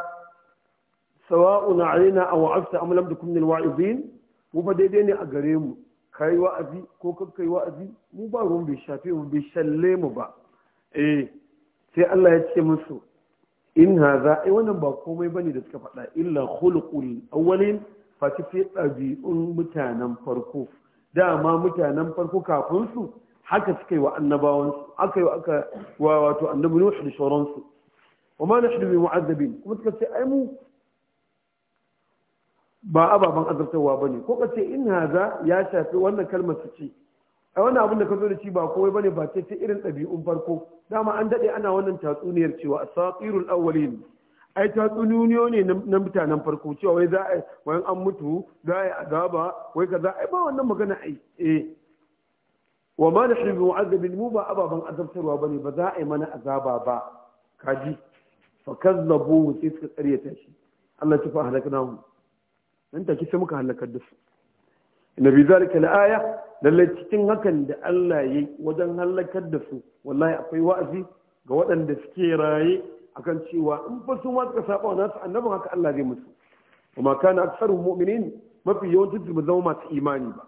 sawa'un alaina aw afta am lam takun min wa'izin mu fa daidai ne a gare mu kai wa'azi ko kai wa'azi mu ba ruwan bai shafe mu bai shalle mu ba eh sai Allah ya ce musu in haza ai eh, wannan ba komai bane da suka faɗa illa khuluqul awwalin fa tafi ɗabi'un mutanen farko dama mutanen farko kafin su haka suka yi wa annabawansu aka yi aka wa wato annabi nuh da shauransu wa ma nahnu bi mu'azzabin kuma suka ce ai mu ba ababen azabtarwa ba ne ko ka ce in haza ya shafi wannan kalmar su ce a wannan abin da ka zo da shi ba komai bane ba ce ta irin ɗabi'un farko dama an daɗe ana wannan tatsuniyar cewa asatirul awwalin ai tatsuniyo ne na mutanen farko cewa wai za a wai an mutu za a yi azaba wai kaza ai ba wannan magana ai eh wa ma nahnu bi mu'azzabin mu ba ababan azabtarwa bane ba za a yi mana azaba ba kaji fa kazzabu sai suka karyata shi Allah ya tafi halakna mu nan take sai muka halakar da su inna bi zalika la'aya lalle cikin hakan da Allah yayi wajen halakar da su wallahi akwai wa'azi ga waɗanda suke raye akan cewa in fa su ma suka saba wa nasu annabin haka Allah zai musu kuma kana aksaru mu'minin mafi yawancin su zama masu imani ba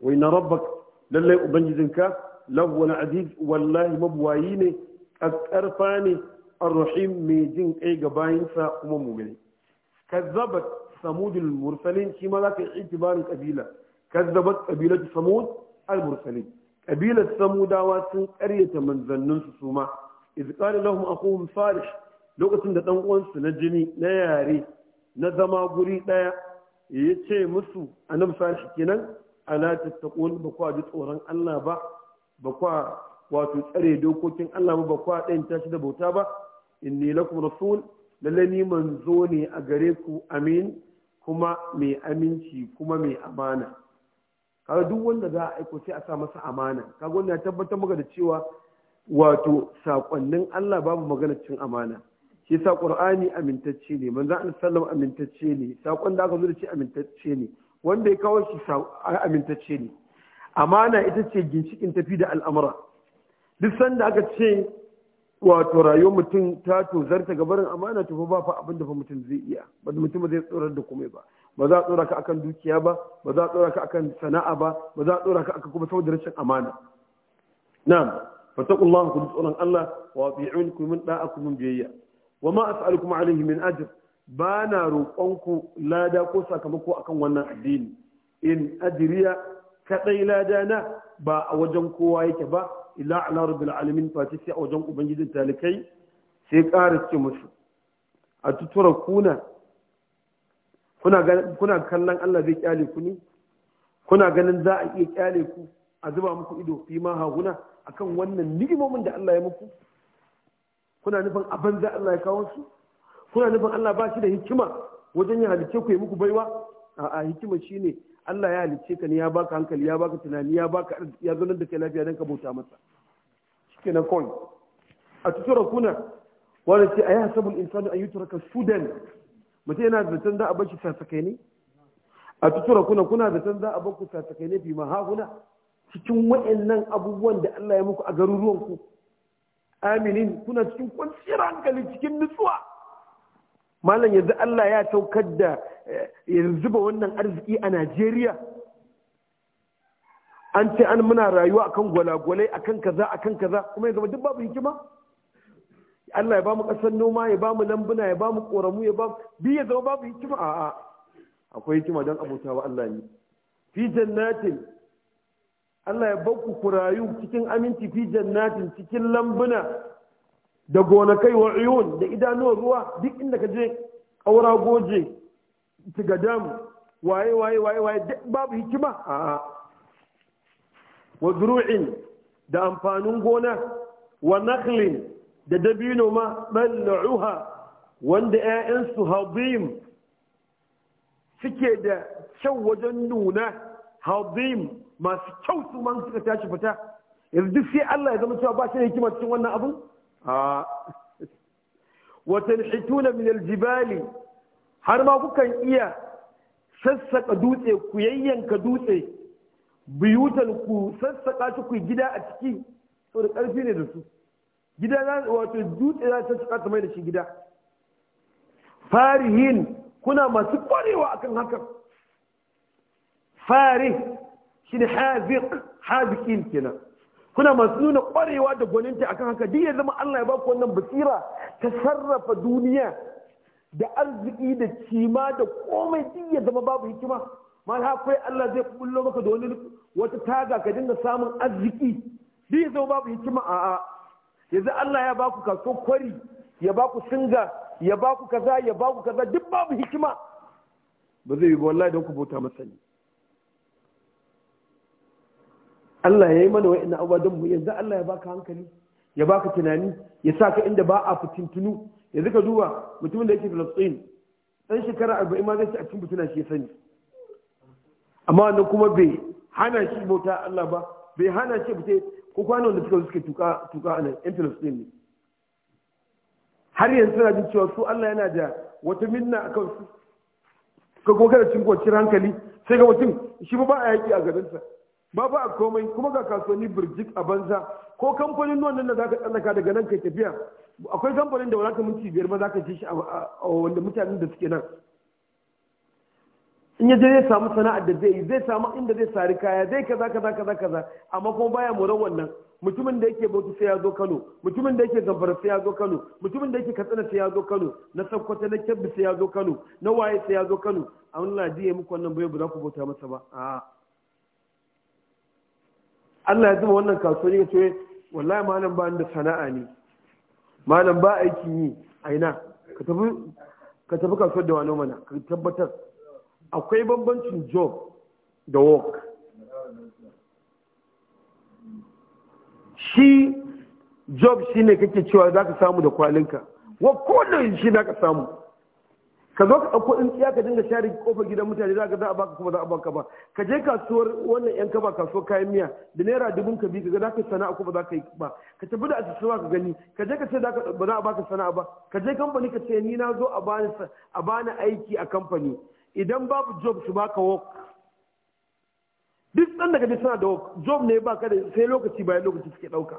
wai na rabbak lallai ubangijinka lahu wal aziz wallahi mabuwayi ne kakkarfa ne arrahim mai jin kai ga bayinsa kuma mu'mini kazzabat samudul mursalin shima ma za ka yi itibarin kabila kazzabat kabilatu samud al mursalin kabilar samudawa sun karyata manzanninsu su ma iz qala lahum aqum salih lokacin da ɗan uwansu na jini na yare na zama guri ɗaya ya ce musu annabi salih kenan ala tattaqun ba kwa ji tsoron Allah ba ba wato tsare dokokin Allah ba ba kwa tashi da bauta ba inni lakum rasul lalle ni manzo ne a gare ku amin kuma mai aminci kuma mai amana kaga duk wanda za a aiko sai a sa masa amana kaga wanda ya tabbatar maka da cewa wato sakonnin Allah babu magana cin amana shi sa qur'ani amintacce ne manzo Allah sallallahu amintacce ne sakon da aka zo da shi amintacce ne wanda ya kawo shi amintacce ne amana ita ce ginshikin tafi da al'amura duk sanda aka ce wato rayuwar mutum ta tozarta ga barin amana tafi ba fa abin fa mutum zai iya ba mutum zai tsorar da komai ba ba za a tsora ka akan dukiya ba ba za a tsora ka akan sana'a ba ba za a tsora ka akan kuma saboda rashin amana na'am fattaqullaha kun tsoron Allah wa bi'un ku min da'a ku min biyayya wa ma as'alukum alayhi min ajr ba na roƙon ku lada ko sakamako akan wannan addini in ajriya kadai lada na ba a wajen kowa yake ba ila ala rabbil alamin fati sai a wajen ubangijin talikai sai ƙara ce musu a tutura kuna kuna kallon Allah zai kyale ku ne kuna ganin za a iya kyale ku a zuba muku ido fi ma haguna akan wannan ni'imomin da Allah ya muku kuna nufin abin da Allah ya kawo su kuna nufin Allah ba shi da hikima wajen ya halice ku yi muku baiwa a hikima shine Allah ya halicce ka ne ya baka hankali ya baka tunani ya baka ya da kai lafiya don ka bauta masa shikenan kawai a cikin rakuna wani ce ayi hasabul insanu an ka sudan mutum yana da tanda a bashi sasakai ne a cikin kuna kuna da tanda a bashi sasakai ne fi mahahuna cikin nan abubuwan da Allah ya muku a garuruwan ku aminin kuna cikin kwanciyar hankali cikin nutsuwa malam yanzu Allah ya saukar da Eh, yanzu ba wannan arziki a Najeriya an ce an muna rayuwa akan gwalagwalai akan kaza akan kaza kuma ya zama duk babu hikima Allah ya bamu kasar noma ya bamu lambuna ya bamu koramu ya bamu bi ya zama babu hikima a'a akwai hikima don wa Allah ne fi jannatin Allah ya bakku ku rayu cikin aminci fi jannatin cikin lambuna da gonakai wa da idanuwar ruwa duk inda ka je ƙaura goje tigadamu waye waye waye waye babu hikima a wa zuru'in da amfanin gona wa nakhlin da dabino ma balluha wanda 'ya'yansu hadim suke da kyau wajen nuna hadim masu kyau su man suka tashi fita yanzu duk sai Allah ya zama cewa ba shi da hikima cikin wannan abu a wa tanhituna min aljibali har ma kukan iya sassaƙa dutse ku yayyanka dutse buyutan ku sassaƙa shi ku gida a ciki saboda ƙarfi ne da su gida za wato dutse za ta sassaƙa mai da shi gida farihin kuna masu ƙwarewa akan hakan farih shi ne haziq haziqin kenan kuna masu nuna ƙwarewa da gwaninta akan haka duk ya zama Allah ya ba ku wannan basira ta sarrafa duniya da arziki da cima da komai duk ya zama babu hikima ma ta kai Allah zai kullo maka da wani wata taga ka dinga samun arziki duk ya zama babu hikima a a yanzu Allah ya baku kaso kwari ya baku singa ya baku kaza ya baku kaza duk babu hikima ba zai yi ba wallahi don ku bauta masa ne Allah ya yi mana wa'annan abubuwa don mu yanzu Allah ya baka hankali ya baka tunani ya saka inda ba a fitintunu yanzu ka duba mutumin da yake filistin ɗan shekara arba'in ma zai ci a cikin butuna shi ya sani amma wannan kuma bai hana shi bauta Allah ba bai hana shi bute ko kwana wanda suka suke tuka tuka a nan yan filistin ne har yanzu suna jin cewa su Allah yana da wata minna a kan su ka kada cin kwanci hankali sai ga mutum shi ba a yaƙi a garinsa ba ba a komai kuma ga kasuwanni birjik a banza ko kamfanin wannan da za ka tsallaka daga nan kai tafiya akwai kamfanin da wala minti biyar ma ka ji shi a wanda mutanen da suke nan in yaje zai samu sana'ar da zai yi zai samu inda zai sari kaya zai kaza kaza kaza kaza amma kuma baya moran wannan mutumin da yake bautu sai ya zo Kano mutumin da yake Zamfara sai ya zo Kano mutumin da yake Katsina sai ya zo Kano na Sokoto na Kebbi sai ya zo Kano na waye sai ya zo Kano a ladi ya muku wannan bai ba za ku bauta masa ba a'a Allah ya zuba wannan kasuwar ya ce wallahi malam ba da sana'a ne malam ba aiki yi aina ka tafi ka tafi kasuwar da wani mana ka tabbatar akwai bambancin job da work shi job shine kake cewa zaka samu da kwalinka wa kodin shi za ka samu ka zo ka ɗauko in tsiya ka dinga share kofar gidan mutane za ka za a baka kuma za a baka ba ka je kasuwar wannan yan kaba kasuwar kayan miya da naira dubun ka bi ka ga za ka sana'a kuma za ka yi ba ka tafi da asusuwa ka gani ka je ka ce ba za a baka sana'a ba ka je kamfani ka ce ni na zo a bani a bani aiki a kamfani idan babu job su baka work duk ɗan daga suna da job ne ka da sai lokaci bayan lokaci suke ɗauka.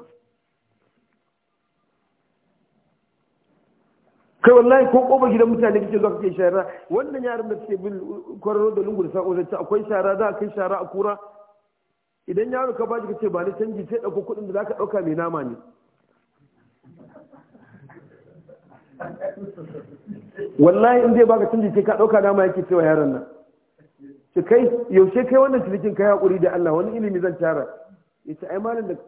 kai wallahi ko kofar gidan mutane kake zuwa kake shara wannan yaran da suke bin kwararo da lungu da sako zance akwai shara za a kai shara a kura idan yaro ka baji kace ba ni canji sai dauko kuɗin da zaka dauka mai nama ne wallahi in zai baka canji sai ka dauka nama yake cewa yaron nan ce kai yaushe kai wannan cinikin kai hakuri da Allah wani ilimi zan tara yace ai malam da